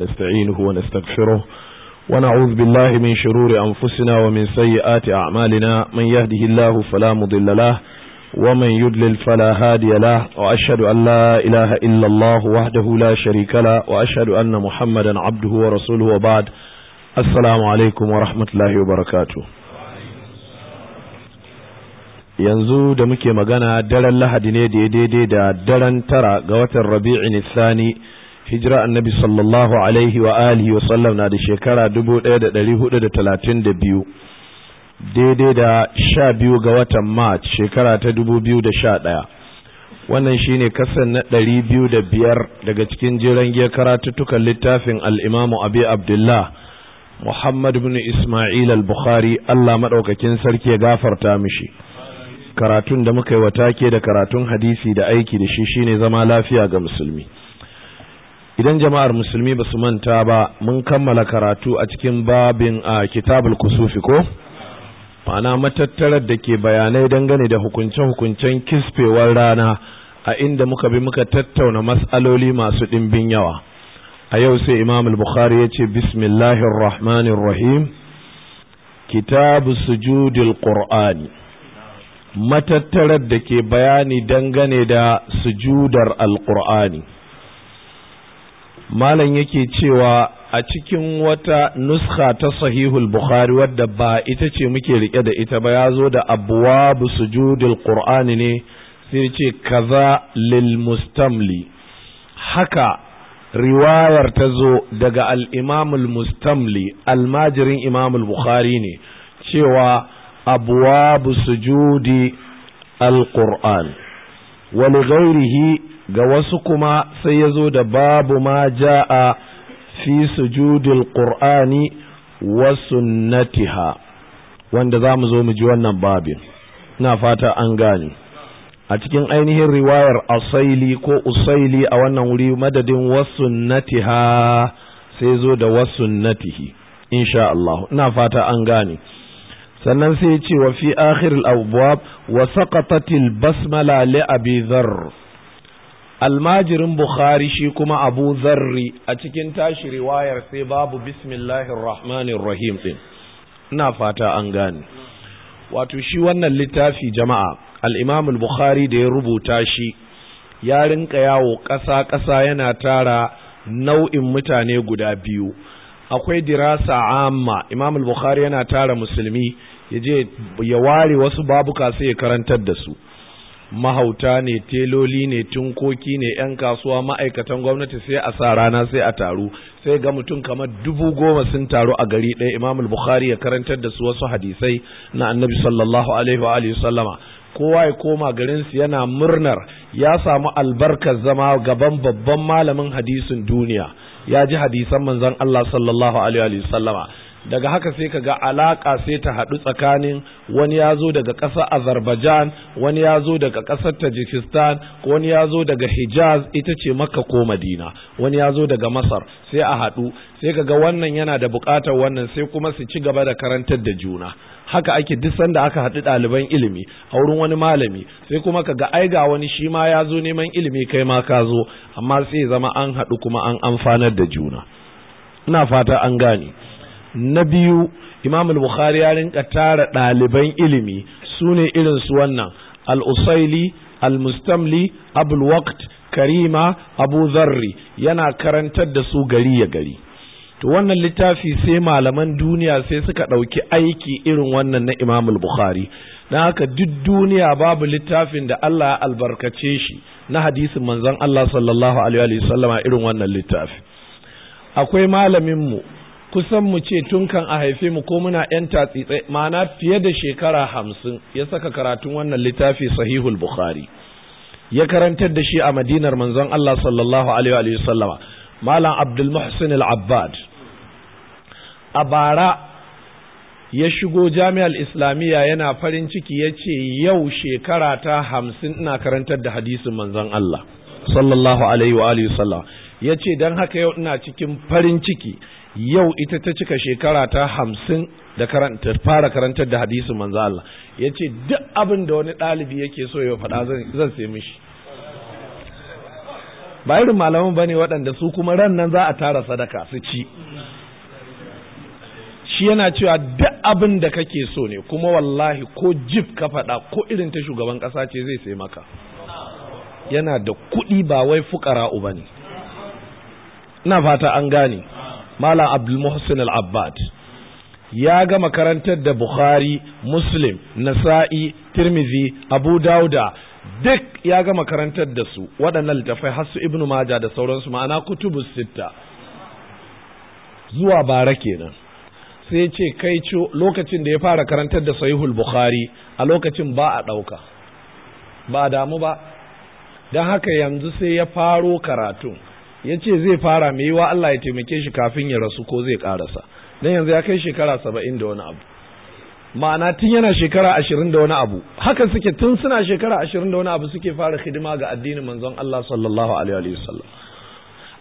نستعينه ونستغفره ونعوذ بالله من شرور أنفسنا ومن سيئات أعمالنا من يهده الله فلا مضل له ومن يدلل فلا هادي له وأشهد أن لا إله إلا الله وحده لا شريك له وأشهد أن محمدا عبده ورسوله وبعد السلام عليكم ورحمة الله وبركاته yanzu da muke magana daren lahadi ne daidai da daren tara ga watan rabi'in sani hijira annabi sallallahu alaihi wa alihi wa sallam na da shekara 1432 daidai da 12 ga watan march shekara ta 2011 wannan shine kasan na 205 daga cikin jiran giyar karatuttukan littafin al-imamu abi abdullah muhammad ibn isma'il al-bukhari Allah madaukakin sarki ya gafarta mishi karatun da muka yi wa take da karatun hadisi da aiki da shi shine zama lafiya ga musulmi idan jama'ar musulmi ba su manta ba mun kammala karatu a cikin babin a kitabul kusufi ko ma'ana matattarar da ke bayanai dangane da hukunce-hukuncen kisfewar rana a inda muka bi muka tattauna matsaloli masu ɗimbin yawa a yau sai imam al-bukhari ya ce bismillahir rahmanir rahim kitabu sujudil qur'ani matattarar da ke bayani dangane da sujudar al-qur'ani malam yake cewa a cikin wata nuska ta sahihul bukhari wadda ba ita ce muke rike da ita ba ya zo da abuwabu sujudul qur'ani ne sai ce kaza lil mustamli haka riwayar ta zo daga al'imamul mustamli almajirin imamul bukhari ne cewa abuwabu sujudi al-qur'an Wani gairihi. ga wasu kuma sai ya zo da babu ma ja'a fi sujudil qur'ani wa sunnatiha wanda za mu zo mu ji wannan babin na fata an gane a cikin ainihin riwayar asaili ko usaili a wannan wuri madadin wasu natiha sai zo da wasu sunnatihi insha Allah ina fata an gane sannan sai ya ce wa fi al abwab wa al basmala li abi dharr almajirin bukhari shi kuma abu zarri a cikin tashi riwayar sai babu bismillahir rahmanir rahim din ina fata an gane wato shi wannan littafi jama'a al-imam al-bukhari da ya rubuta shi ya rinka yawo ƙasa ƙasa yana tara nau'in mutane guda biyu akwai dirasa amma imam al-bukhari yana tara musulmi yaje ya ware wasu babuka sai ya karantar da su mahauta ne teloli ne tunkoki ne yan kasuwa ma'aikatan gwamnati sai a sa rana sai a taru sai ga mutum kamar dubu goma sun taru a gari ɗaya imamul bukhari ya karantar da su wasu hadisai na annabi sallallahu alaihi wa alihi sallama kowa ya koma garinsu yana murnar ya samu albarkar zama gaban babban malamin hadisin duniya ya ji hadisan manzon Allah sallallahu alaihi wa sallama daga haka sai ka ga alaƙa sai ta haɗu tsakanin wani ya zo daga ƙasar azerbaijan wani ya zo daga ƙasar tajikistan wani ya zo daga hijaz ita ce makka ko madina wani ya zo daga masar sai a haɗu sai ka ga wannan yana da buƙatar wannan sai kuma su ci gaba da karantar da juna haka ake duk sanda aka haɗu ɗaliban ilimi a wurin wani malami sai kuma ka ga ai ga wani shi ma ya zo neman ilimi kai ma ka zo amma sai zama an haɗu kuma an amfanar da juna ina fata an gane na biyu imam bukhari ya rinka tara ɗaliban ilimi su ne irin su wannan alusaili al-mustamli abul karima abu zarri yana karantar da su gari ya gari to wannan littafi sai malaman duniya sai suka ɗauki aiki irin wannan na imam al-bukhari don haka duk duniya babu littafin da Allah ya albarkace shi na hadisin manzon Allah sallallahu alaihi wa sallama irin wannan littafi akwai malaminmu. kusan mu ce tun kan a haife mu ko muna yan tatsitse ma'ana fiye da shekara hamsin ya saka karatun wannan littafi sahihul bukhari ya karantar da shi a madinar manzon Allah sallallahu alaihi wa sallama malam abdul muhsin al-abbad a bara ya shigo jami'ar islamiyya yana farin ciki ya ce yau shekara ta hamsin ina karantar da hadisin manzon Allah sallallahu alaihi wa ya ce don haka yau ina cikin farin ciki yau ita ta cika shekara ta hamsin da karanta fara karantar da hadisi manzo Allah ya ce duk abin da wani ɗalibi yake so ya faɗa zan sai mishi ba irin malaman bane ne waɗanda su kuma ran nan za a tara sadaka su ci shi yana cewa duk abin da kake so ne kuma wallahi ko jib ka faɗa ko irin ta shugaban ƙasa ce zai sai maka yana da kuɗi ba wai fukara uba ne ina fata an gane Malam Abdul Muhsin Al-Abbad ya ga makarantar da Bukhari, Muslim, Nasa'i, Tirmidhi, Abu Dauda duk ya ga makarantar da su waɗannan littafai har su Ibn Maja da sauransu ma'ana kutubu sitta zuwa bara kenan sai ce kai lokacin da ya fara karantar da Sahihul Bukhari a lokacin ba a ɗauka ba damu ba don haka yanzu sai ya faro karatun ya ce zai fara mai yiwa Allah ya taimake shi kafin ya rasu ko zai karasa don yanzu ya kai shekara saba'in da wani abu ma'ana tun yana shekara ashirin da wani abu haka suke tun suna shekara ashirin da wani abu suke fara hidima ga addinin manzon Allah sallallahu alaihi wasallam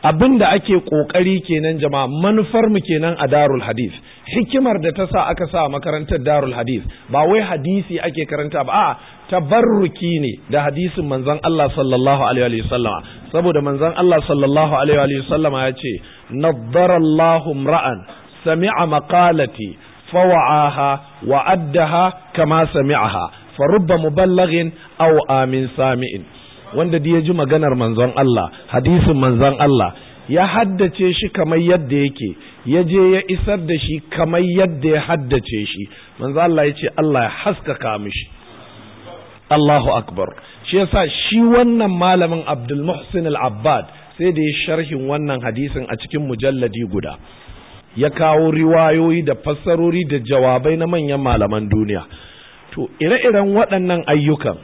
abin da ake ƙoƙari kenan jama'a manufar mu kenan a darul hadis, hikimar da ta sa aka sa makarantar darul hadis ba wai hadisi ake karanta ba a tabarruki ne da hadisin manzon Allah sallallahu alaihi wa saboda manzon Allah sallallahu alaihi wa ya ce ra'an sami'a maqalati fawa'aha wa addaha kama sami'aha farubba muballaghin aw amin sami'in wanda da ya ji maganar manzon Allah hadisin manzon Allah ya haddace shi kamar yadda yake ya je ya isar da shi kamar yadda ya haddace shi manzon Allah ya ce Allah ya haskaka mishi Allahu akbar shi yasa shi wannan malamin Abdul Muhsin Al-Abbad sai da ya sharhin wannan hadisin a cikin mujalladi guda ya kawo riwayoyi da fassarori da jawabai na manyan malaman duniya to ire-iren waɗannan ayyukan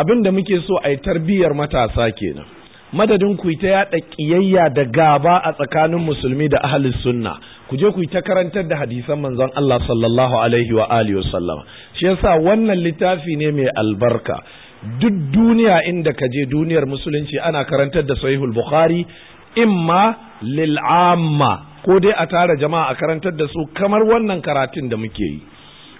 abin da muke so a yi tarbiyyar matasa kenan madadin ku ta yada kiyayya da gaba a tsakanin musulmi da ahlus sunna ku je ku ta karantar da hadisan manzon Allah sallallahu alaihi wa alihi wa sallama shi yasa wannan littafi ne mai albarka duk duniya inda ka je duniyar musulunci ana karantar da sahihul bukhari imma lil ko dai a tara jama'a a karantar da su kamar wannan karatun da muke yi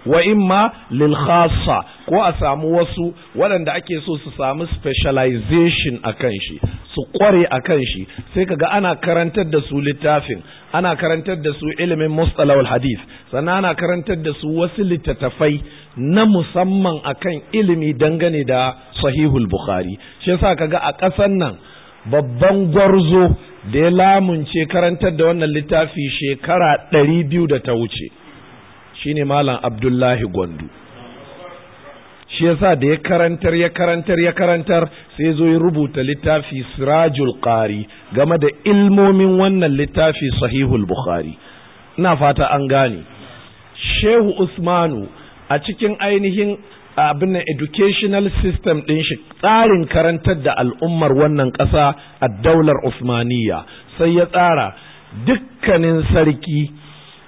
wa imma lil khassa ko a samu wasu waɗanda ake so su samu specialization a kan shi su kware a kan shi sai kaga ana karantar da su littafin ana karantar da su ilimin mustalahul hadith sannan ana karantar da su wasu littattafai na musamman akan ilimi dangane da sahihul bukhari shi yasa kaga a ƙasan nan babban gwarzo da ya lamunce karantar da wannan littafi shekara ɗari biyu da ta wuce shine malam abdullahi gwandu shi yasa da ya karantar ya karantar ya karantar sai zo ya rubuta littafi sirajul qari game da ilmomin wannan littafi sahihul bukhari ina fata an gane shehu usmanu a cikin ainihin abin educational system ɗin shi tsarin karantar da al'ummar wannan ƙasa a daular usmaniya sai ya tsara dukkanin sarki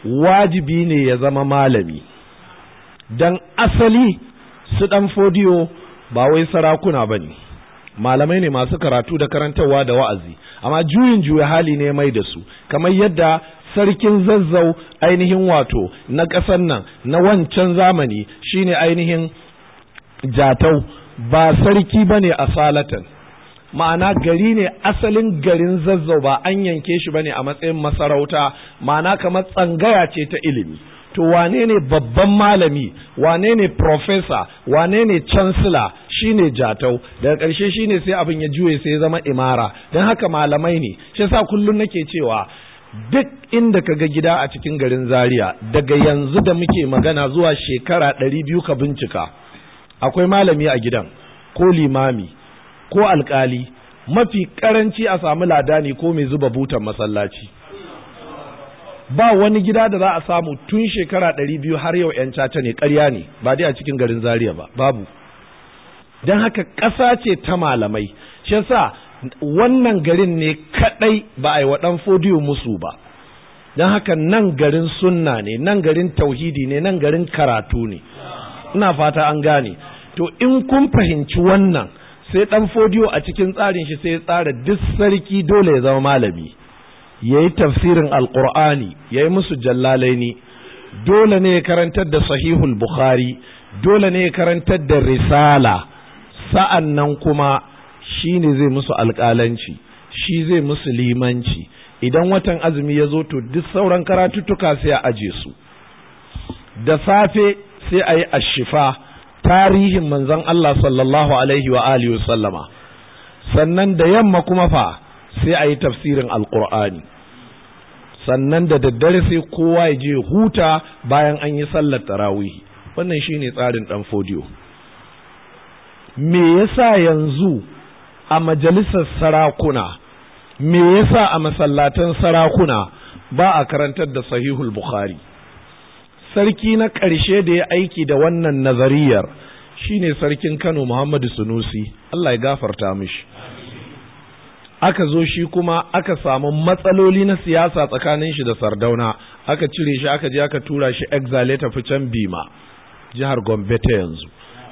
wajibi ne ya zama malami don asali su ɗan fodiyo ba wai sarakuna ba ne malamai ne masu karatu da karantarwa da wa'azi amma juyin juya hali ne mai da su kamar yadda sarkin zazzau ainihin wato na ƙasar nan na wancan zamani shine ainihin jatau ba sarki ba ne a salatan ma'ana gari ne asalin garin zazzau ba an yanke shi bane a matsayin masarauta ma'ana kamar tsangaya ce ta ilimi to wane ne babban malami wane ne profesa wane ne chancellor shine jatau daga ƙarshe shine sai abin ya juye sai ya zama imara don haka malamai ne shi sa kullum nake cewa duk inda ka ga gida a cikin garin zaria daga yanzu da muke magana zuwa shekara ɗari biyu ka bincika akwai malami a gidan ko limami ko alkali mafi karanci a samu ne ko mai zuba butan masallaci ba wani gida da za a samu tun shekara ɗari biyu har yau ‘yan caca ne ƙarya ne ba dai a cikin garin zaria ba babu don haka ƙasa ce ta malamai shi sa wannan garin ne kaɗai ba a yi wa ɗan fodiyo musu ba don haka nan garin sunna ne nan garin tauhidi ne nan garin karatu ne ina fata an gane to in kun fahimci wannan sai ɗan fodiyo a cikin tsarin shi sai ya tsara duk sarki dole ya zama malami ya yi tafsirin Alƙur'ani ya yi musu jallalaini dole ne ya karantar da sahihul bukhari dole ne ya karantar da risala sa'an nan kuma shi ne zai musu alƙalanci shi zai musu limanci idan watan azumi ya zo to duk sauran karatuttuka sai a aje su da safe sai a yi ashifa tarihin manzon Allah sallallahu alaihi wa alihi wasallama sannan da yamma kuma fa sai a yi tafsirin alqur'ani sannan da daddare sai kowa ya je huta bayan an yi sallar tarawih wannan shine tsarin dan fodiyo me yasa yanzu a majalisar sarakuna me yasa a masallatan sarakuna ba a karantar da sahihul bukhari sarki na ƙarshe da ya aiki da wannan nazariyar shine sarkin Kano Muhammadu Sunusi Allah ya gafarta mishi aka zo shi kuma aka samu matsaloli na siyasa tsakanin shi da Sardauna aka cire shi aka je aka tura shi exile ta can Bima jihar Gombe ta yanzu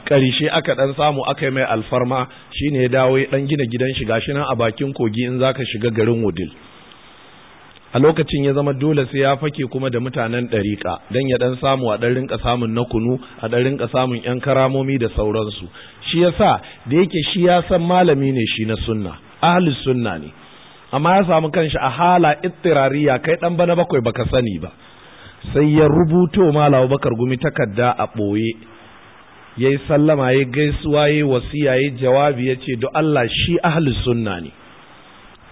ƙarshe aka ɗan samu aka yi mai alfarma shine ya dawo ya ɗan gina gidan shi gashi nan a bakin kogi in zaka shiga garin Wudil a lokacin ya zama dole sai ya fake kuma da mutanen ɗariƙa don ya ɗan samu a ɗan rinka samun na kunu a ɗan rinka samun ‘yan karamomi da sauransu shi ya sa da yake shi ya san malami ne shi na sunna ahalus sunna ne amma ya samu kanshi a hala ittirariya kai ɗan bana bakwai baka sani ba sai ya rubuto malawa bakar gumi takarda a ɓoye ya yi sallama ya gaisuwa ya yi wasiya ya yi jawabi ya ce do Allah shi ahalus sunna ne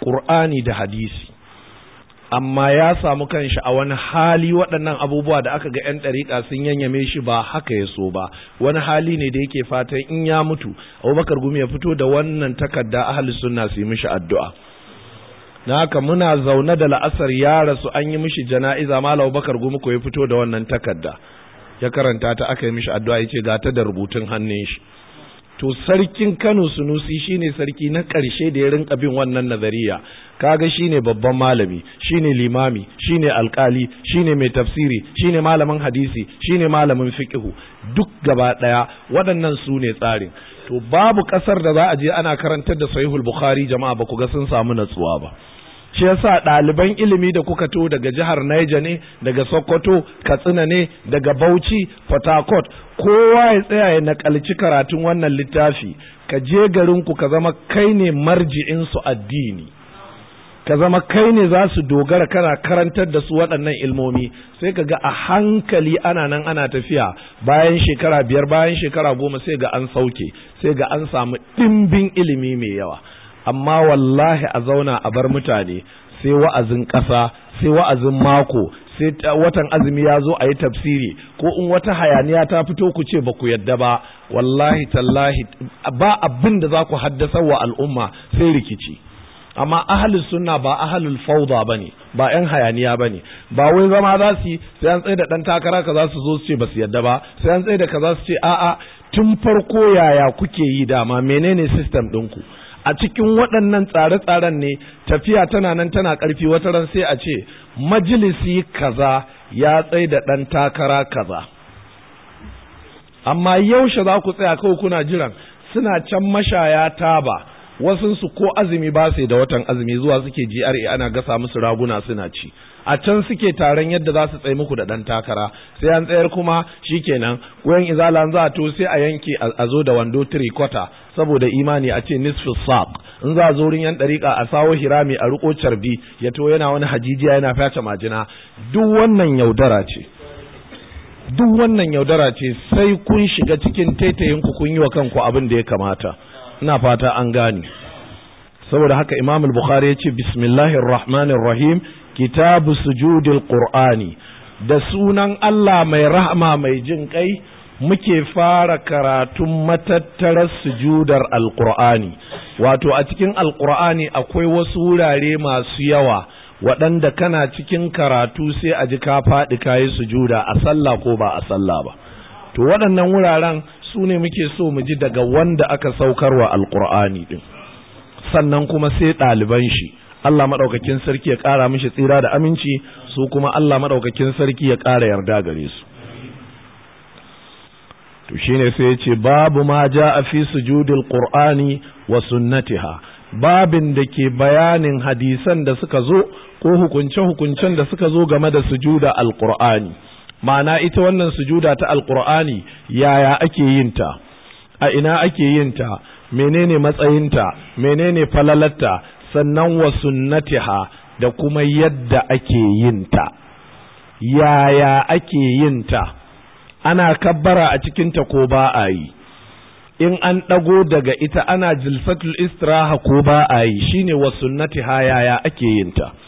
ƙur'ani da hadisi amma ya samu kanshi a wani hali waɗannan abubuwa da aka ga 'yan ɗariƙa sun yanyame shi ba haka ya so ba wani hali ne da yake fatan in ya mutu abubakar gumi ya fito da wannan takarda ahli sunna su yi mishi addu'a na haka muna zaune da la'asar ya rasu an yi mishi jana'iza malam abubakar gumi ko ya fito da wannan takarda ya karanta ta aka yi mishi addu'a ya ce ga ta da rubutun hannun shi to sarkin Kano Sunusi shine sarki na ƙarshe da ya rinka bin wannan nazariya kaga shine babban malami shine limami shine alkali shine mai tafsiri shine malamin hadisi shine malamin fiqhu duk gaba daya waɗannan su ne tsarin to babu ƙasar da za a je ana karantar da sahihul bukhari jama'a ba ku ga sun samu natsuwa ba shi yasa ɗaliban ilimi da kuka to daga jihar Niger ne daga Sokoto Katsina ne daga Bauchi Port Harcourt kowa ya tsaya ya nakalci karatun wannan littafi ka je garin ku ka zama kai ne marji'in su addini ka zama kai ne za su dogara kana karantar da su waɗannan ilmomi sai ka ga a hankali ana nan ana tafiya bayan shekara biyar bayan shekara goma sai ga an sauke sai ga an samu ɗimbin ilimi mai yawa amma wallahi a zauna a bar mutane sai wa'azin ƙasa sai wa'azin mako sai watan azumi ya zo a yi tafsiri ko in wata hayaniya ta fito ku ce ba ku yadda ba wallahi tallahi ba abin da za ku haddasa wa al'umma sai rikici amma ahalin sunna ba ahalin fauda ba ne ba yan hayaniya ba ne ba wai zama za su yi sai an tsaye da ɗan takara ka za su zo su ce ba su yadda ba sai an tsaye da ka za su ce a'a tun farko yaya kuke yi dama menene system ɗinku a cikin waɗannan tsare-tsaren ne tafiya tana nan tana ƙarfi wata ran sai a ce majalisi kaza ya tsai da ɗan takara kaza amma yaushe za ku tsaya kawai kuna jiran suna can mashaya taba wasunsu ko azumi ba sai da watan azumi zuwa suke GRA ana gasa musu raguna suna ci a can suke taron yadda za su tsaye muku da ɗan takara sai an tsayar kuma shi shikenan wayan izala za a to sai a yanke a zo da wando three saboda imani a ce nisfi saq in za a zo wurin yan dariƙa a sawo hirami a riƙo carbi ya to yana wani hajijiya yana fyace majina duk wannan yaudara ce duk wannan yaudara ce sai kun shiga cikin taitayinku kun yi wa kanku abin da ya kamata ina fata an gane saboda haka imam al-bukhari ya ce bismillahir rahmanir rahim kitabu sujudil qur'ani da sunan Allah mai rahama mai jin kai muke fara karatun matattarar sujudar alqur'ani wato a cikin alqur'ani akwai wasu wurare masu yawa waɗanda kana cikin karatu sai a ji ka faɗi yi sujuda a sallah ko ba a sallah ba to waɗannan wuraren su ne muke so mu ji daga wanda aka saukarwa alqur'ani din sannan kuma sai ɗaliban shi Allah maɗaukakin sarki ya ƙara mishi tsira da aminci su kuma Allah maɗaukakin sarki ya ƙara yarda gare su to shi ne sai ce babu ma ja a fi sujudil ƙurani wa sunnatiha babin da ke bayanin hadisan da suka zo ko hukunce-hukuncen da suka zo game da sujuda alqur'ani ma'ana ita wannan sujuda ta alqur'ani yaya ake yin a ina ake yin ta menene matsayinta menene falalarta sannan wa sunnatiha da kuma yadda ake yinta. yaya ake yinta? ana kabbara a cikin ta ko ba a yi in an ɗago daga ita ana jilsatul istiraha ko ba a yi shine wa sunnatiha yaya ake yinta ta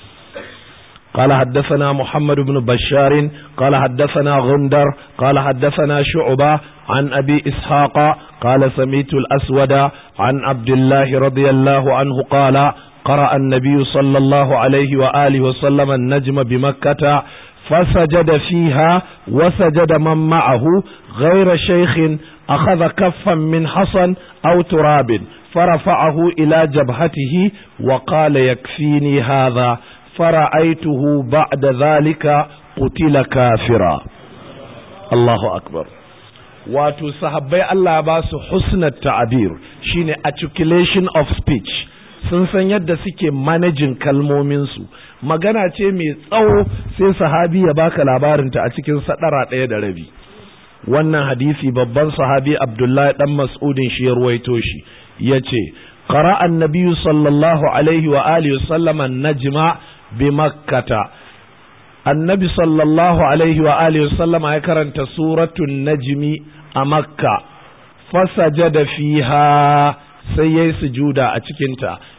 قال حدثنا محمد بن بشار قال حدثنا غندر قال حدثنا شعبة عن أبي إسحاق قال سميت الأسود عن عبد الله رضي الله عنه قال قرأ النبي صلى الله عليه وآله وسلم النجم بمكة فسجد فيها وسجد من معه غير شيخ أخذ كفا من حصن أو تراب فرفعه إلى جبهته وقال يكفيني هذا فرأيته بعد ذلك قتل كافرا الله أكبر wato sahabbai Allah ba su husnat ta'abir shine articulation of speech sun san yadda suke manajin kalmominsu magana ce mai tsawo sai sahabi ya baka labarinta a cikin sadara ɗaya da rabi wannan hadisi babban sahabi abdullahi dan mas'udin shi ya ruwaito shi ya ce ƙara sallallahu alaihi wa alihi sallama najma bi makkata annabi sallallahu alaihi wa alihi sallama ya karanta suratul najmi a makka fasajada fiha sai yayi sujuda a cikin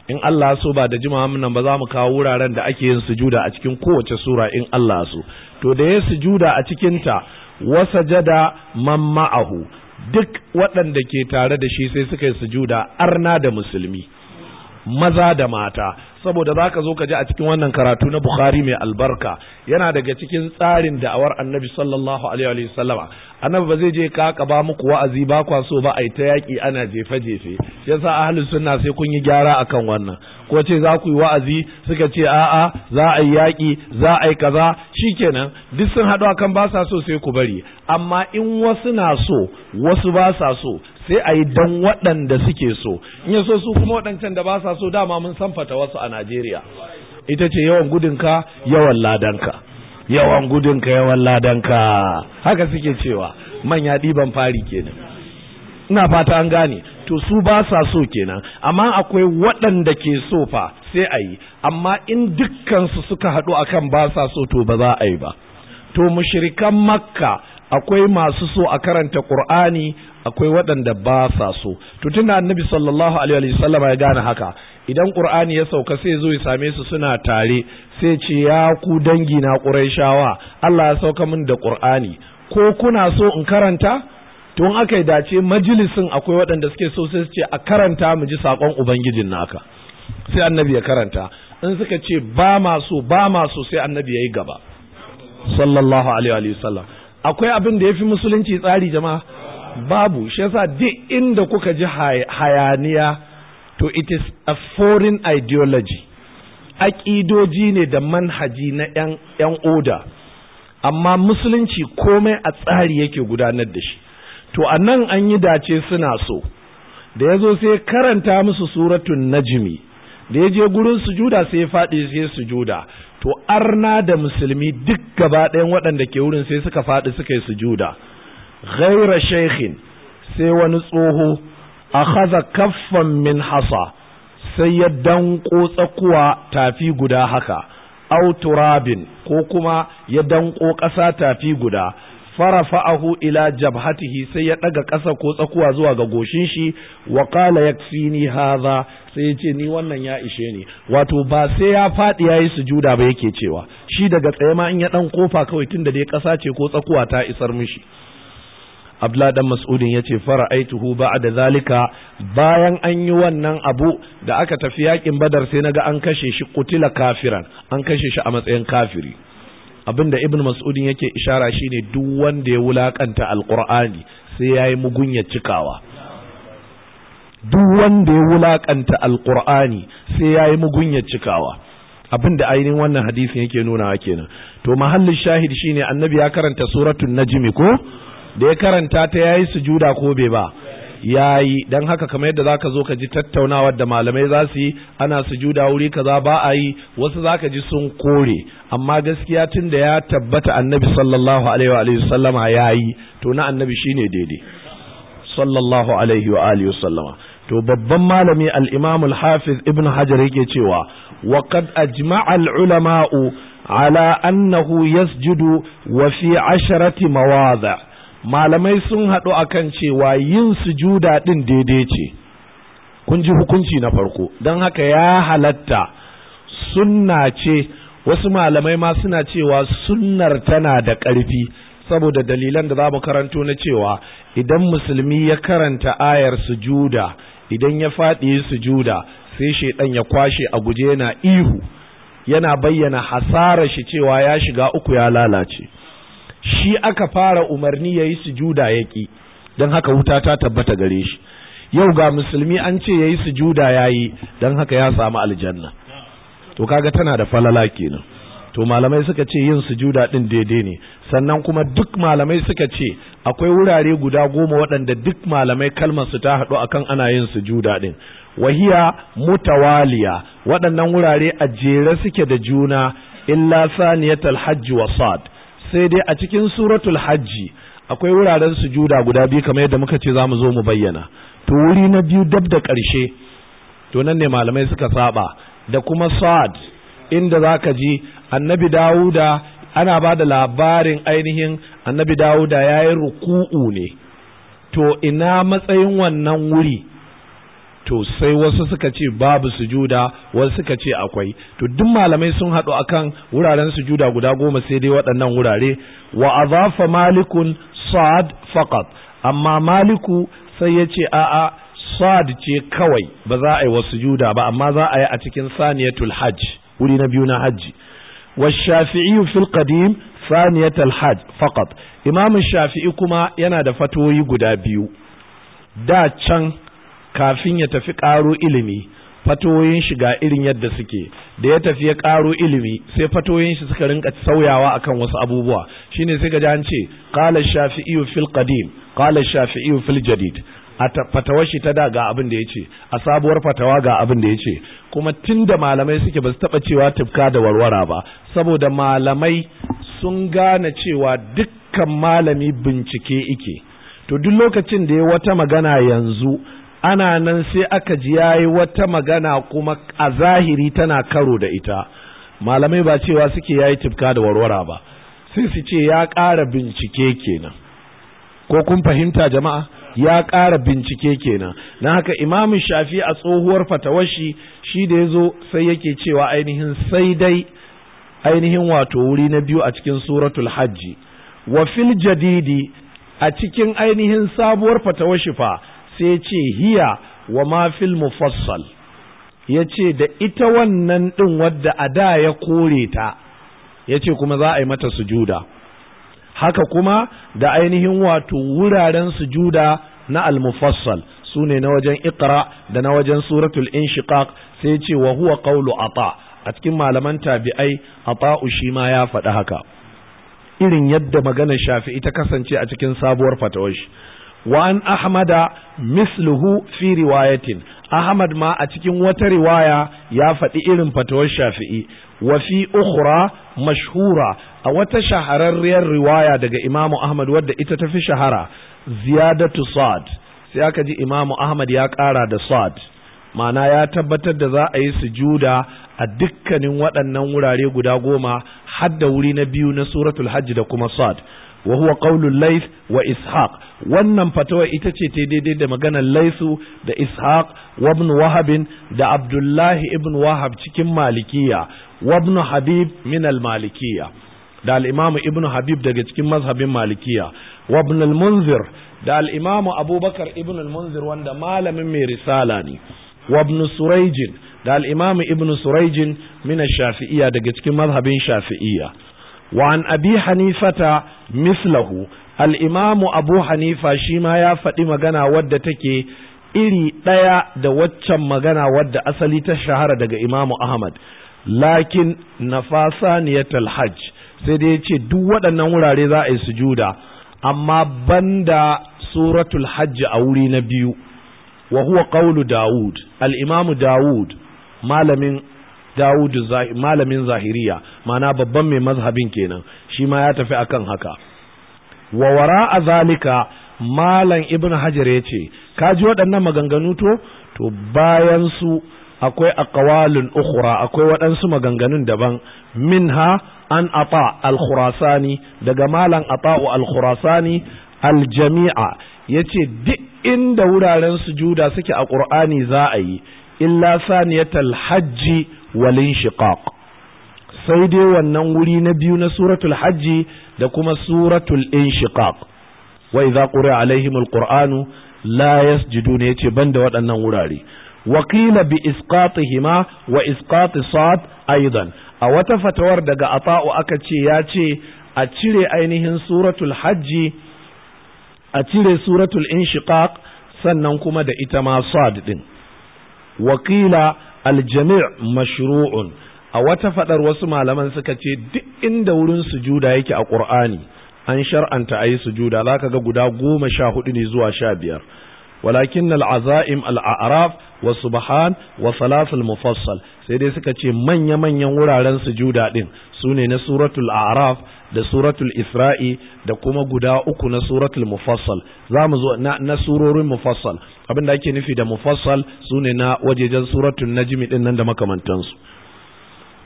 in Allah so ba da jima'a nan ba za mu kawo wuraren da ake yin sujuda a cikin kowace sura in Allah so to da yayi sujuda a cikin ta wasajada man ma'ahu duk waɗanda ke tare da shi sai suka yi sujuda arna da musulmi maza da mata saboda za ka zo ka ji a cikin wannan karatu na bukhari mai albarka yana daga cikin tsarin da'awar annabi sallallahu alaihi sallama annabi ba zai je ka ba muku wa'azi ba kwa so ba a yi ta yaki ana jefe jefe yasa ahlus sunna sai kun yi gyara akan wannan ko ce za ku yi wa'azi suka ce a'a za a yi yaƙi za a yi kaza shi kenan duk sun haɗu kan ba sa so sai ku bari amma in wasu na so wasu ba sa so sai a yi don waɗanda suke so in ya so su kuma waɗancan da ba sa so dama mun san fata wasu a najeriya ita ce yawan gudunka yawan ladanka yawan gudunka yawan ladanka haka suke cewa manya ɗiban fari kenan ina fata an gane to su ba sa so kenan amma akwai waɗanda ke so fa sai a yi amma in dukkansu suka haɗu akan ba sa so to ba za a yi ba to mushrikan makka akwai masu so a karanta qur'ani akwai waɗanda ba sa so to tunda annabi sallallahu alaihi wa wasallama ya gane haka idan qur'ani ya sauka sai zo ya same su suna tare sai ce ya ku dangi na quraishawa Allah ya sauka min da qur'ani ko kuna so in karanta to in aka yi dace majalisin akwai waɗanda suke so sai su ce a karanta mu ji sakon ubangijin naka sai annabi ya karanta in suka ce ba ma so ba ma so sai annabi ya yi gaba sallallahu alaihi wa sallam. akwai abin da ya fi musulunci tsari jama'a babu shi yasa duk inda kuka ji hayaniya to it is a foreign ideology aƙidoji ne da manhaji na 'yan oda amma musulunci komai a tsari yake gudanar da shi to a nan an yi dace suna so da ya zo sai karanta musu suratun najimi da ya je gurin sujuda sai ya faɗi sai sujuda to arna da musulmi duk gaba ɗayan waɗanda ke wurin sai suka faɗi suka yi sujuda ghaira shaykhin sai wani tsoho akhadha kaffan min hasa sai ya danko tsakuwa tafi guda haka au turabin ko kuma ya danko ƙasa tafi guda Farafa farafa'ahu ila jabhatihi sai ya ɗaga ƙasa ko tsakuwa zuwa ga goshin shi wa qala ni hadha sai ya ce ni wannan ya ishe ni wato ba sai ya faɗi ya yi sujuda ba yake cewa shi daga tsaye ma in ya ɗan kofa kawai tun da dai ƙasa ce ko tsakuwa ta isar mishi abdullah dan mas'udin ba a da zalika bayan an yi wannan abu da aka tafi yakin badar sai na ga an kashe shi kutila kafiran an kashe shi a matsayin kafiri abinda ibn mas'udin yake ishara shine duk wanda ya wulakanta alqur'ani sai yayi mugunya cikawa duk wanda ya wulakanta alqur'ani sai yayi mugunyar cikawa abin da ainihin wannan hadisin yake nuna kenan to mahallin shahid shine annabi ya karanta suratul najmi ko da ya karanta ta yayi sujuda ko bai ba yayi dan haka kamar yadda zaka zo ka ji tattaunawa da malamai za su yi ana sujuda wuri kaza ba a yi wasu zaka ji sun kore amma gaskiya tun da ya tabbata annabi sallallahu alaihi wa sallama yayi to na annabi shine daidai sallallahu alaihi wa alihi sallama to babban malami al-imam hafiz ibn hajar yake cewa wa qad ajma'a al-ulama'u ala annahu yasjudu wa fi asharati malamai sun haɗu akan cewa yin sujuda ɗin daidai ce kun ji hukunci na farko don haka ya halatta sunna ce wasu malamai ma suna cewa sunnar tana da ƙarfi saboda dalilan da za mu karanto na cewa idan musulmi ya karanta ayar sujuda idan ya faɗi sujuda sai shaidan ya kwashe a guje yana ihu yana bayyana hasarar shi cewa ya shiga uku ya lalace shi aka fara umarni yayi sujuda yaki don haka wuta ta tabbata gare shi yau ga musulmi an ce yayi sujuda yayi don haka ya samu aljanna to kaga tana da falala kenan to malamai suka ce yin sujuda din daidai ne sannan kuma duk malamai suka ce akwai wurare guda goma waɗanda duk malamai kalmar su ta haɗu akan ana yin sujuda din wahiya mutawaliya waɗannan wurare a jere suke da juna illa saniyatul hajj wa sad sai dai a cikin suratul hajji akwai wuraren sujuda guda biyu kamar yadda muka ce za mu zo mu bayyana to wuri na biyu dab da ƙarshe to nan ne malamai suka saba da kuma sad inda za ka ji annabi dawuda ana ba da labarin ainihin annabi dawuda ya yi ruku'u ne to ina matsayin wannan wuri to sai wasu suka ce babu sujuda wasu suka ce akwai to duk malamai sun haɗu akan wuraren sujuda guda goma sai dai waɗannan wurare wa azafa malikun sa'ad faqat amma maliku sai ya ce a'a sa'ad ce kawai ba za a yi wasu juda ba amma za a yi a cikin saniyatul hajj wuri na biyu na hajji shafi'i والشافعي في القديم ثانية shafi'i kuma yana da fatoyi guda biyu da can kafin ya tafi karo ilimi fatoyin shi ga irin yadda suke da ya tafi ya karo ilimi sai fatoyin shi suka rinka sauyawa akan wasu abubuwa shine sai ga an ce qala shafi'i fil qadim qala shafi'i fil jadid a fatawar shi ta da ga abin da yace a sabuwar fatawa ga abin da yace kuma tunda malamai suke ba su taɓa cewa tufka da warwara ba saboda malamai sun gane cewa dukkan malami bincike ike to duk lokacin da ya wata magana yanzu ana nan sai aka ji yayi wata magana kuma a zahiri tana karo da ita malamai ba cewa suke yayi tufka da warwara ba sai su ce ya ƙara bincike kenan ko kun fahimta jama'a ya ƙara bincike kenan na haka imamu shafi a tsohuwar fatawashi shi da ya zo sai yake cewa ainihin sai dai ainihin wato wuri na biyu a cikin suratul hajji wa fil jadidi a cikin ainihin sabuwar fatawashi fa sai ce hiya wa ma fil mufassal ya ce da ita wannan ɗin wadda a da ya kore ta ya ce kuma za a yi mata sujuda haka kuma da ainihin wato wuraren sujuda na al-mufassal sune na wajen iqra da na wajen suratul inshiqaq sai ce wa huwa qawlu ata a cikin malaman tabi'ai ata'u shi ma ya faɗi haka irin yadda magana shafi'i ta kasance a cikin sabuwar fatawar shi wa an ahmada misluhu fi riwayatin ahmad ma a cikin wata riwaya ya faɗi irin fatawar shafi'i wa fi ukhra mashhura a wata shahararriyar riwaya daga imamu ahmad wadda ita ta fi shahara ziyadatu sad sai aka ji imamu ahmad ya ƙara da sad ma'ana ya tabbatar da za a yi sujuda a dukkanin waɗannan wurare guda goma har da wuri na biyu na suratul hajj da kuma sad wa huwa qaulul layth wa ishaq wannan fatawa ita ce ta daidai da maganar laisu da ishaq wa ibn wahab da abdullahi ibn wahab cikin malikiya wa ibn habib min al malikiya da al Ibn ibnu habib daga cikin mazhabin malikiya wa munzir da al'imamu abubakar ibn munzir wanda malamin mai risala ne wa ibn da al ibn surayjin min shafiiyya daga cikin mazhabin shafi'iyya wa an abi hanifata mislahu al-imamu abu hanifa shi ma ya faɗi magana wadda take iri ɗaya da waccan magana wadda asali ta shahara daga imamu ahmad lakin nafasaniyatul hajj sai dai ya ce duk waɗannan wurare za a yi sujuda amma banda suratul hajji a wuri na biyu wa huwa qawlu daud al imamu daud malamin daud malamin zahiriya mana babban mai mazhabin kenan shi ma ya tafi akan haka wa azalika zalika malam ibnu hajar ka kaji waɗannan maganganu to to bayan su akwai aqwalun ukhra akwai waɗansu maganganun daban minha an ata al-khurasani daga malam ata'u al-khurasani al-jami'a yace duk inda wuraren sujuda suke a qur'ani za a yi illa saniyatal hajji wal inshiqaq sai dai wannan wuri na biyu na suratul hajji da kuma suratul inshiqaq wa idza quri'a alaihim alqur'anu la yasjuduna yace banda waɗannan wurare wa qila bi isqatihima wa isqati sad aidan a wata fatawar daga ata'u aka ce ya ce a cire ainihin suratul hajji a cire suratul inshiqaq sannan kuma da ita ma sad din wakila aljami' mashru'un a wata fadar wasu malaman suka ce duk inda wurin sujuda yake a qur'ani an shar'anta ayi sujuda zaka ga guda goma sha hudu ne zuwa sha biyar walakin al'azaim al'araf wa subhan wa salasul mufassal sai dai suka ce manya-manyan wuraren sujuda din su ne na suratul araf da suratul isra'i da kuma guda uku na suratul mufassal za mu zo na, na surorin mufassal abinda ake nufi da mufassal su ne na wajejen suratul najmi din nan da makamantansu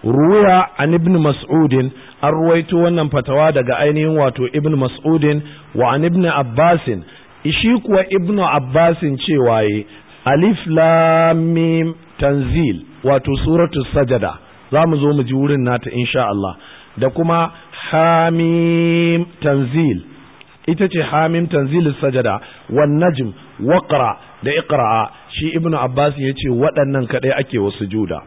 ruwa an ibn mas'udin an ruwaito wannan fatawa daga ainihin wato ibn mas'udin wa an ibn abbasin ishi kuwa ibn abbasin cewa alif lam mim tanzil wato suratu sajada za mu zo mu ji wurin nata insha Allah da kuma hamim tanzil ita ce hamim tanzil sajada wan najm waqra da iqra shi ibnu abbas yace waɗannan kadai ake wasu juda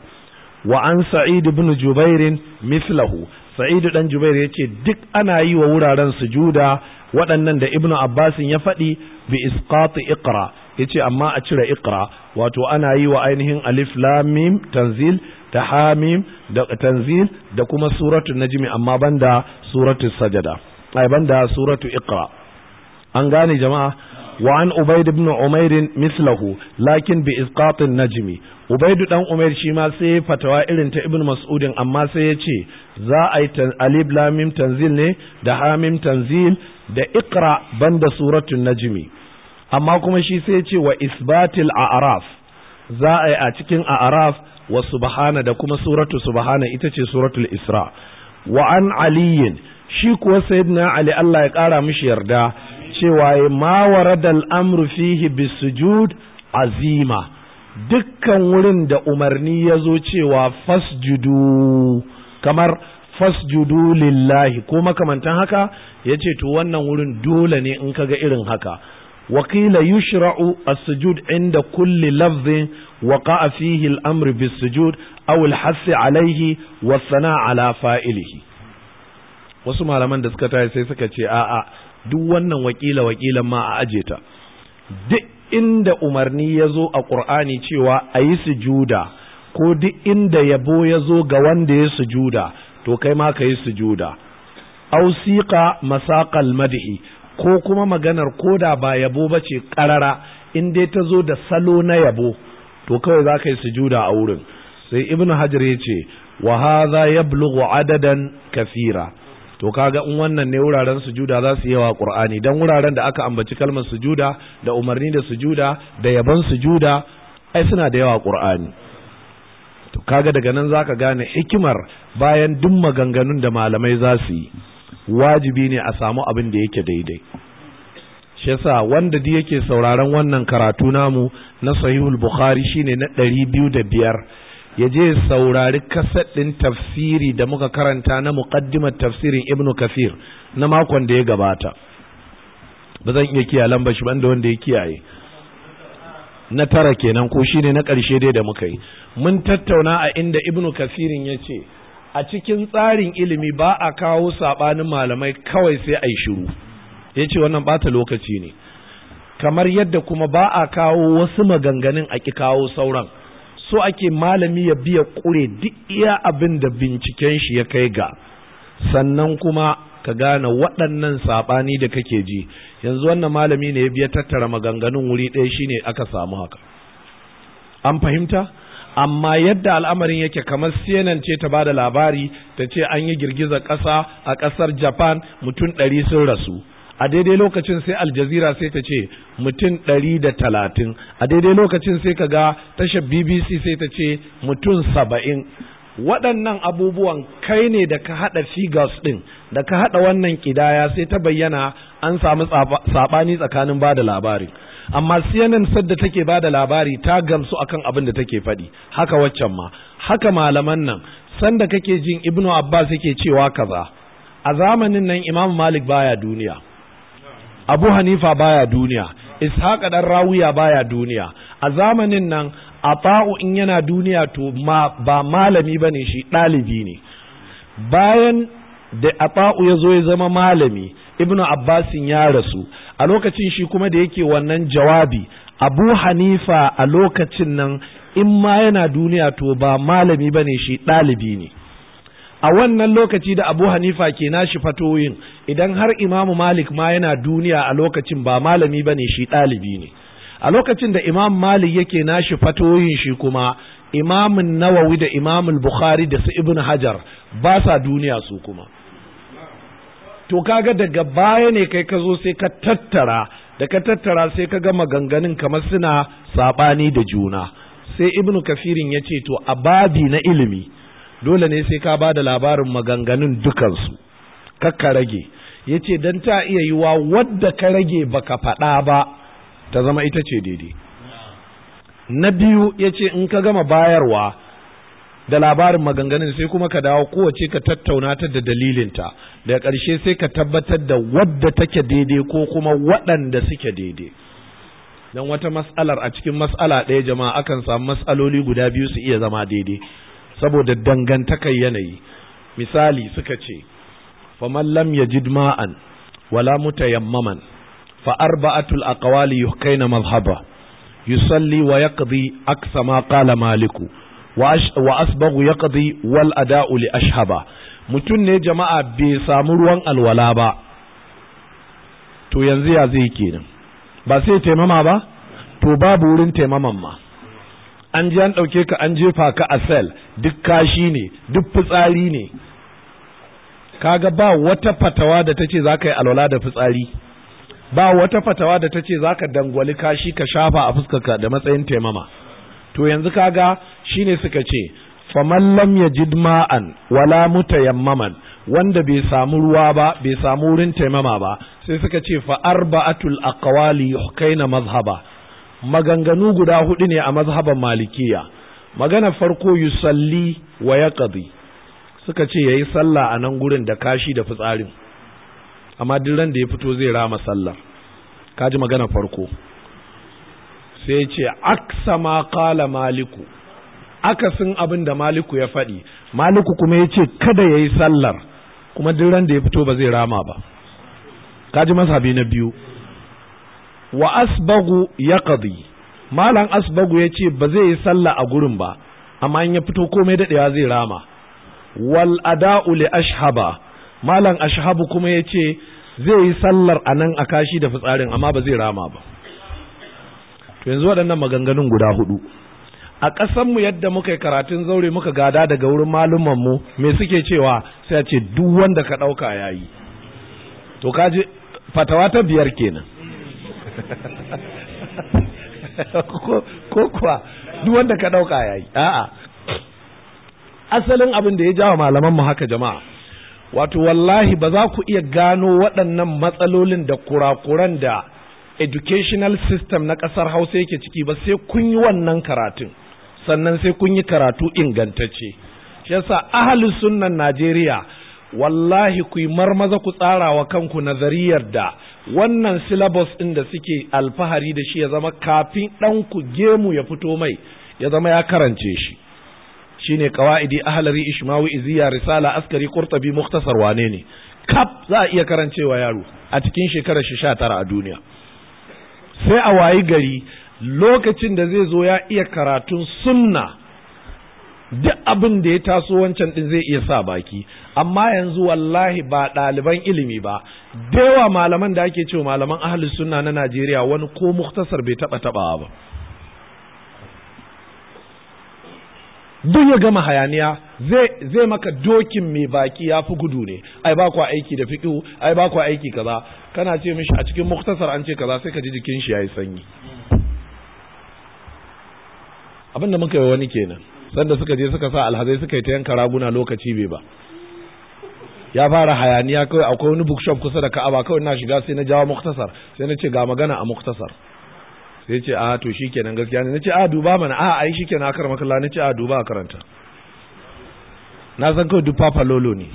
wa an sa'id ibn jubair mislahu sa'id dan jubair yace duk ana yi wa wuraren sujuda waɗannan da ibnu abbas ya faɗi bi isqat iqra yace amma a cire iqra wato ana yi wa ainihin alif lam mim tanzil ta da tanzil da kuma suratul najmi amma banda suratul sajada ai banda suratul iqra an gane jama'a wa an ubaid ibn umayr mislahu lakin bi isqat najmi ubaidu dan umair shi ma sai fatawa irin ta ibn mas'udin amma sai yace za a yi alif lam mim tanzil ne da hamim tanzil da iqra banda suratul najmi amma kuma shi sai ce wa isbatil a'raf za a yi a cikin a'raf wa subhana da kuma suratu subhana ita ce suratul isra wa an aliyin shi kuwa sayyidina ali Allah ya kara mishi yarda cewa ma waradal amru fihi bisujud azima dukkan wurin da umarni ya zo cewa fasjudu kamar fasjudu lillahi ko makamantan haka ya ce to wannan wurin dole ne in kaga irin haka وقيل يشرع السجود عند كل لفظ وقع فيه الأمر بالسجود أو الحث عليه والثناء على فائله wasu malaman da suka taya sai suka ce a'a duk wannan wakila wakilan ma a aje ta duk inda umarni ya zo a ƙur'ani cewa a yi sujuda ko duk inda yabo ya zo ga wanda ya sujuda to kai ma ka yi sujuda Ausiƙa masaqal madhi ko kuma maganar ko da ba yabo ba ce ƙarara in dai ta zo da salo na yabo to kawai za ka yi sujuda a wurin sai ibnu hajar ya ce wa hadha yablughu adadan kathira to kaga in wannan ne wuraren sujuda za su yawa qur'ani dan wuraren da aka ambaci kalmar sujuda da umarni da sujuda da yaban sujuda ai suna da yawa qur'ani to kaga daga nan zaka gane hikimar bayan duk maganganun da malamai za su yi wajibi ne a samu abin da yake daidai shi yasa wanda da yake sauraron wannan karatu namu na sahihul bukhari shine na ɗari biyu da biyar ya je saurari kaset ɗin tafsiri da muka karanta na muqaddimar tafsirin ibnu kafir na makon da ya gabata ba zan iya kiyaye lamba shi banda wanda ya kiyaye na tara kenan ko shine na ƙarshe dai da muka yi mun tattauna a inda ibnu kafirin yace ce a cikin tsarin ilimi ba a kawo saɓanin malamai kawai sai a yi shiru ya ce wannan bata lokaci ne kamar yadda kuma ba a kawo wasu maganganun a ki kawo sauran so ake malami ya biya ƙure duk iya abin da binciken shi ya kai ga sannan kuma ka gane waɗannan saɓani da kake ji yanzu wannan malami ne ya biya tattara maganganun wuri ɗaya shine aka samu haka an fahimta amma yadda al'amarin yake kamar CNN ce ta bada labari ta ce an yi girgizar ƙasa a ƙasar Japan mutum ɗari sun rasu a daidai lokacin sai aljazira sai ta ce mutum ɗari da talatin a daidai lokacin sai ka ga tashar BBC sai ta ce mutum saba'in waɗannan abubuwan kai ne da ka haɗa figures ɗin da ka haɗa wannan ƙidaya sai ta bayyana an samu saɓani tsakanin bada da labarin amma CNN sadda take ba da labari ta gamsu akan abin da take faɗi haka waccan ma haka malaman nan sanda kake jin ibnu Abbas yake cewa kaza a zamanin nan Imam Malik baya duniya Abu Hanifa baya duniya Ishaq dan Rawiya baya duniya a zamanin nan Ata'u in yana duniya to ma ba malami bane shi ɗalibi ne bayan da ata'u ya zo ya zama malami ibnu abbasin ya rasu a lokacin shi kuma da yake wannan jawabi abu hanifa a lokacin nan in ma yana duniya to ba malami ba ne shi ɗalibi ne a wannan lokaci da abu hanifa ke nashi fatoyin idan har imamu malik ma yana duniya a lokacin ba malami ba ne shi ɗalibi ne a lokacin da imam malik yake nashi fatoyin shi kuma imamun nawawi da imamul bukhari da su ibn hajar ba sa duniya su kuma to kaga daga baya ne kai ka zo sai ka tattara da ka tattara sai ka gama maganganun kamar suna saɓani da juna sai Ibn kafirin ya ce to a babi na ilimi dole ne sai ka ba da labarin maganganun dukansu kakka rage ya ce don ta iya yiwa wadda ka rage ba ka faɗa ba ta zama ita ce daidai na biyu ya ce in ka gama bayarwa da labarin maganganun sai kuma ka dawo kowace ka tattauna ta da dalilinta da ƙarshe sai ka tabbatar da wadda take daidai ko kuma waɗanda suke daidai don wata mas'alar a cikin mas'ala ɗaya jama'a akan samu mas'aloli guda biyu su iya zama daidai saboda dangantakar yanayi misali suka ce faman lam yajid ma'an wala mutayammaman fa arba'atul aqwali yuhkaina madhhaba yusalli wa yaqdi aksa ma qala maliku wa asbaghu yaqdi wal ada'u li ashhaba mutum ne jama'a bai samu ruwan alwala ba to yanzu ya zai kenan ba sai taimama ba to babu wurin taimaman ma an ji an ɗauke ka an jefa ka a sel duk kashi ne duk fitsari ne kaga ba wata fatawa da ta ce za ka yi alwala da fitsari ba wata fatawa da ta ce za ka dangwali kashi ka shafa a fuskarka da matsayin taimama to yanzu kaga shine suka ce faman lam yajid ma'an wala mutayammaman wanda bai samu ruwa ba bai samu wurin taimama ba sai suka ce fa arba'atul aqwali na mazhaba maganganu guda hudu ne a mazhaban malikiya magana farko yusalli wa yaqdi suka ce yayi sallah a nan gurin da kashi da fitsarin amma duk ran da ya fito zai rama sallah kaji magana farko sai ya ce aksama qala maliku akasin abin da maliku ya faɗi maliku kuma ya ce kada ya yi sallar kuma duk ran da ya fito ba zai rama ba kaji mazhabi na biyu wa asbagu ya kadi malam asbagu ya ce ba zai yi sallah a gurin ba amma in ya fito komai daɗewa zai rama wal ada'u li ashhaba malam ashhabu kuma ya ce zai yi sallar a nan a kashi da fitsarin amma ba zai rama ba to yanzu waɗannan maganganun guda hudu a ƙasanmu yadda muka karatun zaure muka gada daga wurin mu me suke cewa sai a ce duk wanda ka ɗauka ya yi to ka je fatawa ta biyar kenan ko kuwa duk wanda ka ɗauka ya yi a'a asalin abin da ya jawa malamanmu haka jama'a wato wallahi ba za ku iya gano waɗannan matsalolin da kurakuran da educational system na ƙasar hausa yake ciki ba sai kun yi wannan karatun sannan sai kun yi karatu ingantacce shi yasa ahalin sunnan Najeriya wallahi ku yi marmaza ku tsara wa kanku nazariyar da wannan syllabus ɗin da suke alfahari da shi ya zama kafin ɗanku gemu ya fito mai ya zama ya karance shi shine qawaidi ahlari ishmawi iziya risala askari qurtabi muktasar wane ne kaf za a iya karancewa yaro a cikin shekarar shi tara a duniya sai a wayi gari lokacin da zai zo ya iya karatun sunna duk abin da ya taso wancan din zai iya sa baki amma yanzu wallahi ba ɗaliban ilimi ba dewa malaman da ake cewa malaman ahalus sunna na Najeriya wani ko muktasar bai taba taba ba duk ya gama hayaniya zai maka dokin mai baki ya fi gudu ne ai ba kuwa aiki da ai ba aiki kaza kana ce mishi a cikin muktasar an ce kaza sai ka ji jikin shi ya yi sanyi abin da muka yi wani kenan sanda suka je suka sa alhazai suka yi ta yanka raguna lokaci bai ba ya fara hayaniya kawai akwai wani bookshop kusa da ka'aba kawai na shiga sai na jawo muktasar sai na ce ga magana a muktasar sai ce a ah, to shikenan gaskiya ne na ce a ah, duba mana a ah, ai shikenan akar makalla na ce a duba a karanta na san kawai duk papa lolo ne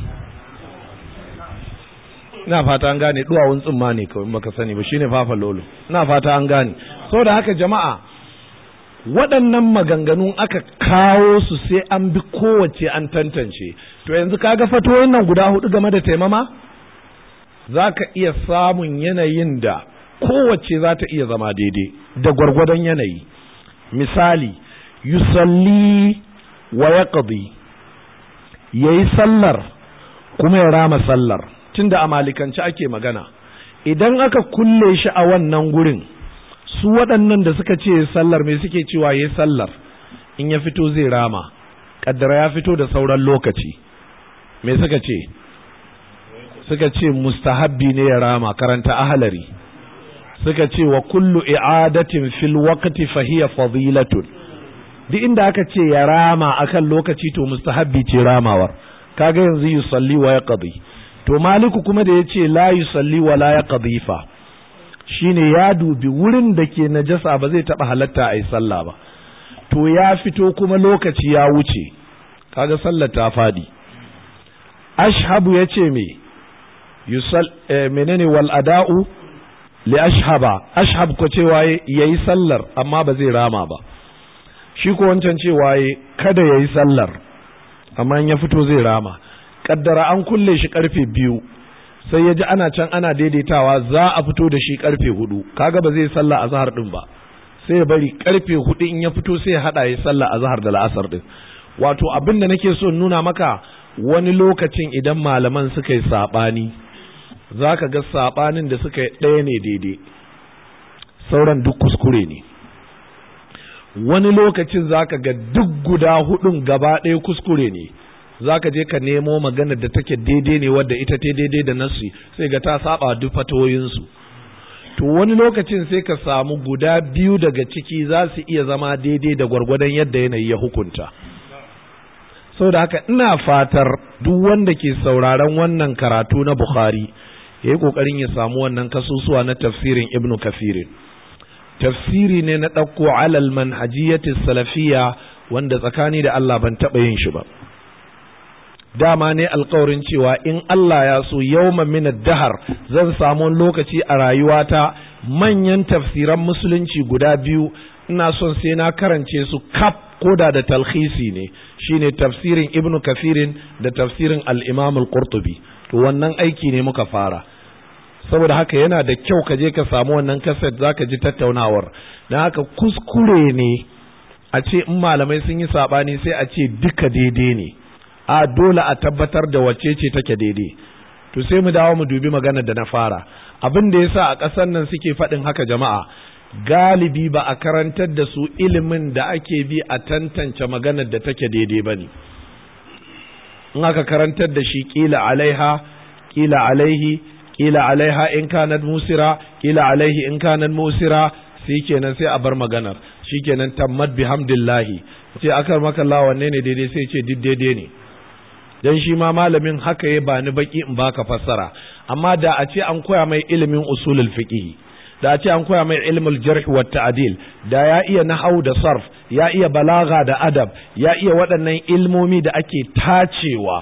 ina fata an gane duwawun tsumma ne kawai baka sani ba shine papa lolo ina fata an gane saboda haka jama'a waɗannan maganganun aka kawo su sai an bi kowace an tantance to yanzu kaga fatoyin nan guda hudu game da taimama za ka iya samun yanayin da kowace za ta iya zama daidai da gwargwadon yanayi misali yusalli wa ya yayi sallar kuma ya rama sallar tunda a malikanci ake magana idan aka kulle shi a wannan gurin su waɗannan da suka ce sallar me suke cewa ya sallar in ya fito zai rama ƙaddara ya fito da sauran lokaci me suka ce suka ce mustahabbi ne ya rama karanta ahalari suka ce wa kullu i'adatin fil waqti fa duk inda aka ce ya rama akan lokaci to mustahabbi ce ramawar kaga yanzu yusalli wa yaqdi to maliku kuma da ya ce la yusalli wa la yaqdi fa shine ya dubi wurin da ke najasa ba zai taba halatta a yi sallah ba to ya fito kuma lokaci ya wuce kaga sallar ta fadi ashhabu ya ce me yusal eh, menene wal'adau ada'u li ashhaba ashhab ko cewa yayi sallar amma ba zai rama ba shi ko wancan cewa kada yayi sallar amma in ya fito zai rama kaddara an kulle shi karfe biyu sai ya ji ana can ana daidaitawa za a fito da shi karfe hudu kaga ba zai sallah zahar din ba sai ya bari karfe hudu in ya fito sai ya hada ya sallah zahar da la'asar din wato abin da nake so nuna maka wani lokacin idan malaman suka yi sabani ka ga sabanin da suka yi ɗaya ne daidai sauran duk kuskure ne wani lokacin za ka ga duk guda hudun gaba ɗaya kuskure ne za ka je ka nemo maganar da take daidai ne wadda ita ta daidai da nasu sai ga ta saba duk fatoyinsu to wani lokacin sai ka samu guda biyu daga ciki za su iya zama daidai da gwargwadon yadda yanayi ya hukunta sau da haka ina fatar duk wanda ke sauraron wannan karatu na bukhari ya yi ƙoƙarin ya samu wannan kasusuwa na tafsirin Ibn kafirin tafsiri ne na ɗauko alal manhajiyyati salafiya wanda tsakani da Allah ban taɓa yin shi ba dama ne alkawarin cewa in Allah ya so yawma min dahar zan samu lokaci a rayuwata manyan tafsiran musulunci guda biyu ina son sai na karance su kaf koda da talhisi ne shine tafsirin ibnu kafirin da tafsirin al-imam al-qurtubi to wannan aiki ne muka fara saboda haka yana da kyau ka je ka samu wannan kaset zaka ji tattaunawar dan haka kuskure ne a ce in malamai sun yi sabani sai a ce duka daidai ne a dole a tabbatar da wacce ce take daidai to sai mu dawo mu dubi maganar da na fara abin da yasa a ƙasar nan suke faɗin haka jama'a galibi ba a karantar da su ilimin da ake bi a tantance maganar da take daidai ba ne in aka karantar da shi ƙila alaiha ƙila alaihi ƙila alaiha in kanar musira ƙila alaihi in kanar musira sai kenan sai a bar maganar kenan tammad bihamdillahi sai akar maka Allah wanne ne daidai sai ce duk daidai ne dan shi ma malamin haka ya bani baki in baka fassara amma da a ce an koya mai ilimin usulul fiqh da a ce an koya mai ilmul jarh wa ta'dil da ya iya nahau da sarf ya iya balaga da adab ya iya waɗannan ilmomi da ake tacewa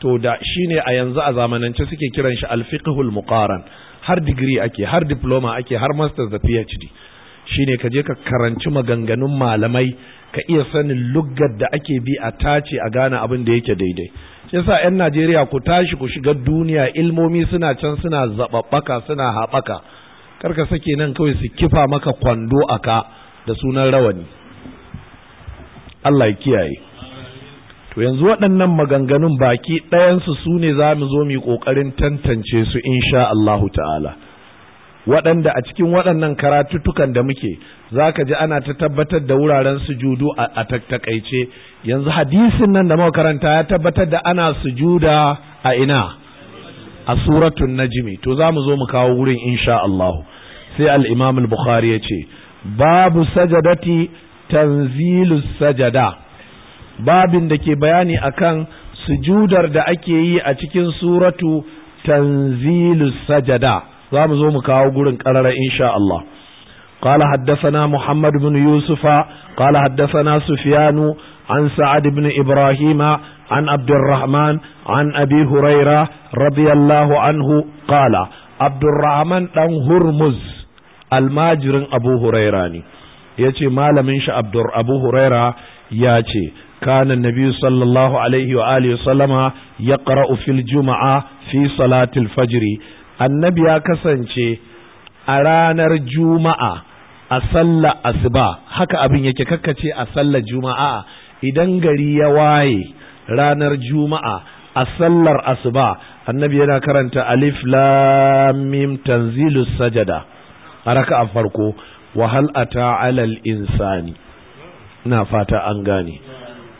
to da shine a yanzu a zamanance suke kiran shi al-fiqhul muqaran har digiri ake har diploma ake har masters da phd shine kaje ka karanci maganganun malamai ka iya sanin luggar da ake bi a tace a gane abin da yake daidai shi yasa 'yan najeriya ku tashi ku shiga duniya ilmomi suna can suna zaɓaɓɓaka suna haɓaka karka sake nan kawai su kifa maka kwando a ka da sunan rawani allah ya kiyaye to yanzu waɗannan maganganun baki ɗayansu su ne za mu zo mu yi ƙoƙarin tantance su insha allahu ta'ala waɗanda a cikin waɗannan karatutukan da muke za ka ji ana ta tabbatar da wuraren sujudu a taƙaice yanzu hadisin nan da makaranta ya tabbatar da ana sujuda a ina a suratun najmi to za mu zo mu kawo wurin insha Allah sai al-Imam bukhari ya ce babu sajadati tanzilu sajada babin da ke bayani akan sujudar da ake yi a cikin suratu tanzilu sajada za mu zo mu kawo gurin ƙarara insha Allah قال حدثنا محمد بن يوسف قال حدثنا سفيان عن سعد بن إبراهيم عن عبد الرحمن عن أبي هريرة رضي الله عنه قال عبد الرحمن دان هرمز الماجر أبو هريرة يأتي ما لم عبد أبو هريرة يأتي كان النبي صلى الله عليه وآله وسلم يقرأ في الجمعة في صلاة الفجر annabi ya kasance a ranar juma'a a sallar asuba haka abin yake kakkace a sallar juma'a idan gari ya waye ranar juma'a a sallar asuba annabi yana karanta alif lam mim tanzilus sajada a raka'a farko wahal ata alal insani na fata an gane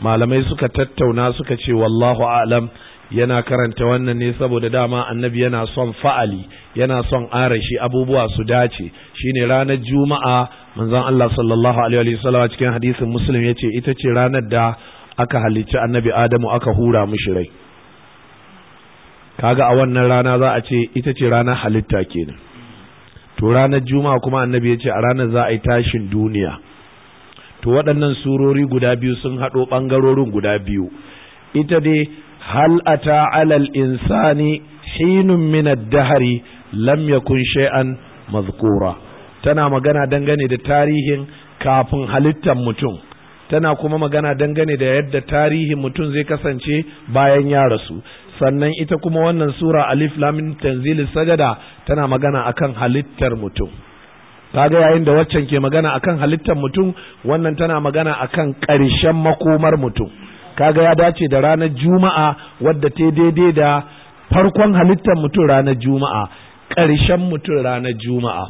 malamai suka tattauna suka ce wallahu alam yana karanta wannan ne saboda dama annabi yana son fa'ali yana son arashi abubuwa su dace shine ranar juma'a manzon Allah sallallahu alaihi wa sallam cikin hadisin muslim yace ita ce ranar da aka halicci annabi adamu aka hura mishi rai kaga a wannan rana za a ce ita ce ranar halitta kenan to ranar juma'a kuma annabi yace a ranar za a yi tashin duniya to waɗannan surori guda biyu sun haɗo ɓangarorin guda biyu ita dai Hal'ata alal insani hinun min ad-dahri lam yakun tana magana dangane da tarihin kafin halittar mutum tana kuma magana dangane da yadda tarihin mutum zai kasance bayan ya rasu sannan ita kuma wannan sura alif lamin tanzil sagada tana magana akan halittar mutum kaga yayin da waccan ke magana akan halittar mutum wannan tana magana akan ƙarshen makomar mutum kaga ya dace da ranar juma'a wadda ta daidai da farkon halittar mutum ranar juma'a ƙarshen mutum ranar juma'a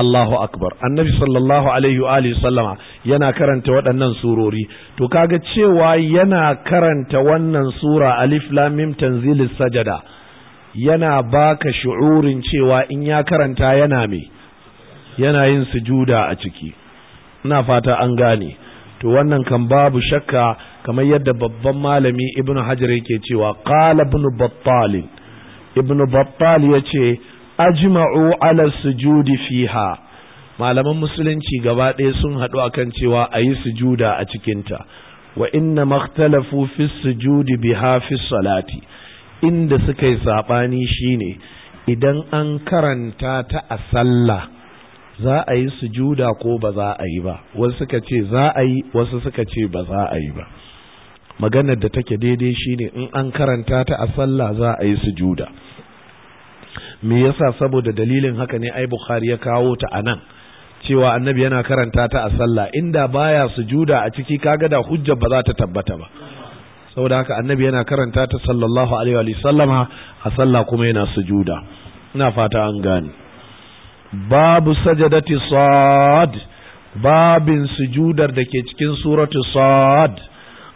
Allahu akbar annabi sallallahu alaihi wa sallama yana karanta waɗannan surori to kaga cewa yana karanta wannan sura alif lam mim tanzilis sajada yana baka shu'urin cewa in ya karanta yana me yana yin sujuda a ciki ina fata an gane to wannan kan babu shakka kamar yadda babban malami ibn hajar yake cewa qala ibn battal ibn battal yace ajma'u ala sujudi fiha malaman musulunci gaba ɗaya sun haɗu akan cewa a yi sujuda a cikinta wa inna makhtalafu fi sujudi biha fi salati inda suka yi saɓani shine idan an karanta ta a sallah za a yi sujuda ko ba za a yi ba wasu suka ce za a yi wasu suka ce ba za a yi ba maganar da take daidai shine in an karanta ta a sallah za a yi sujuda me yasa saboda dalilin haka ne ai bukhari ya kawo ta anan cewa annabi yana karanta ta a sallah inda baya sujuda a ciki kaga da hujjar ba za ta tabbata ba saboda haka annabi yana karanta ta sallallahu alaihi wa sallama a sallah kuma yana sujuda ina fata an gane babu sajadati sad babin sujudar da ke cikin suratu sad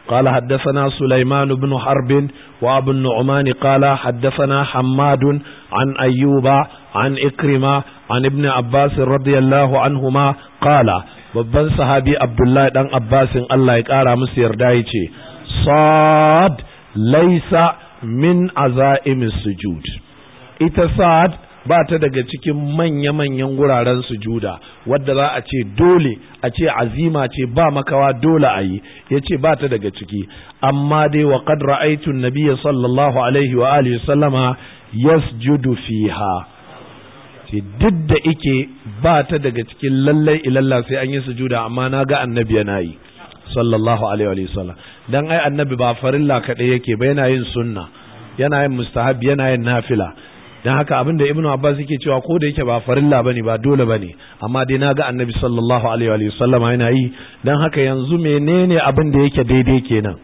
قال حدثنا سليمان بن حرب وابو النعمان قال حدثنا حماد عن أيوب عن إكرمة عن ابن عباس رضي الله عنهما قال babban sahabi Abdullahi dan Abbasin Allah ya kara musu yarda ya ce, Sa'ad laisa min azaimis sujud. Ita Sa'ad ba ta daga cikin manya-manyan wuraren sujuda wadda za a ce dole a ce azima ce ba makawa dole a yi ya ce ba ta daga ciki amma dai wa kadra aitun Nabiya sallallahu alaihi wa alihi sallama judu fiha ce duk da ike ba ta daga cikin lallai ilalla sai an yi sujuda amma na ga annabi yana yi sallallahu alaihi wa dan ai annabi ba farilla kaɗai yake ba yana yin sunna yana yin mustahabi yana yin nafila dan haka abin da ibnu abbas yake cewa ko da yake ba farilla bane ba dole bane amma dai naga annabi sallallahu alaihi wa sallama yana yi dan haka yanzu menene abin da yake daidai kenan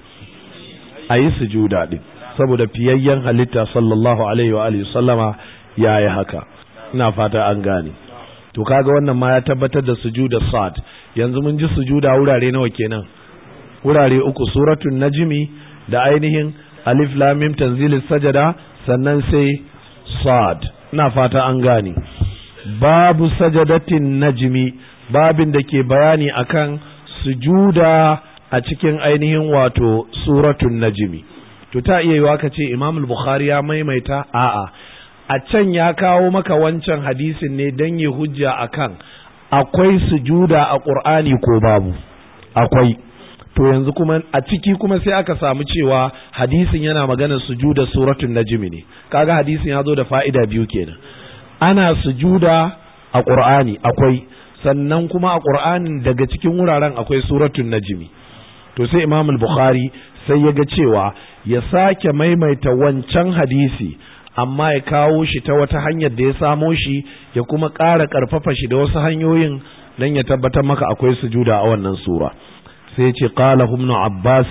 ayi sujuda din saboda fiyayyen halitta sallallahu alaihi wa alihi sallama yayi haka ina fata an gane to kaga wannan ma ya tabbatar da sujuda sad yanzu mun ji sujuda wurare nawa kenan wurare uku suratul najmi da ainihin alif lam mim tanzilis sajada sannan sai sad na fata an gane babu sajadatin najmi babin da ke bayani akan sujuda a cikin ainihin wato suratun najmi to ta iya yiwa kace ce imam bukhari ya maimaita a'a a can ya kawo maka wancan hadisin ne dan yi hujja akan akwai sujuda a ƙur'ani ko babu akwai to yanzu kuma a ciki kuma sai aka samu cewa hadisin yana magana sujuda suratul najimi ne kaga hadisin ya zo da fa'ida biyu kenan ana sujuda a qur'ani akwai sannan kuma a qur'anin daga cikin wuraren akwai suratul najimi to sai imam al-bukhari sai ya ga cewa ya sake maimaita wancan hadisi amma ya kawo shi ta wata hanyar da ya samo shi ya kuma ƙara ƙarfafa shi da wasu hanyoyin don ya tabbatar maka akwai sujuda a wannan sura sai ce qala ibn abbas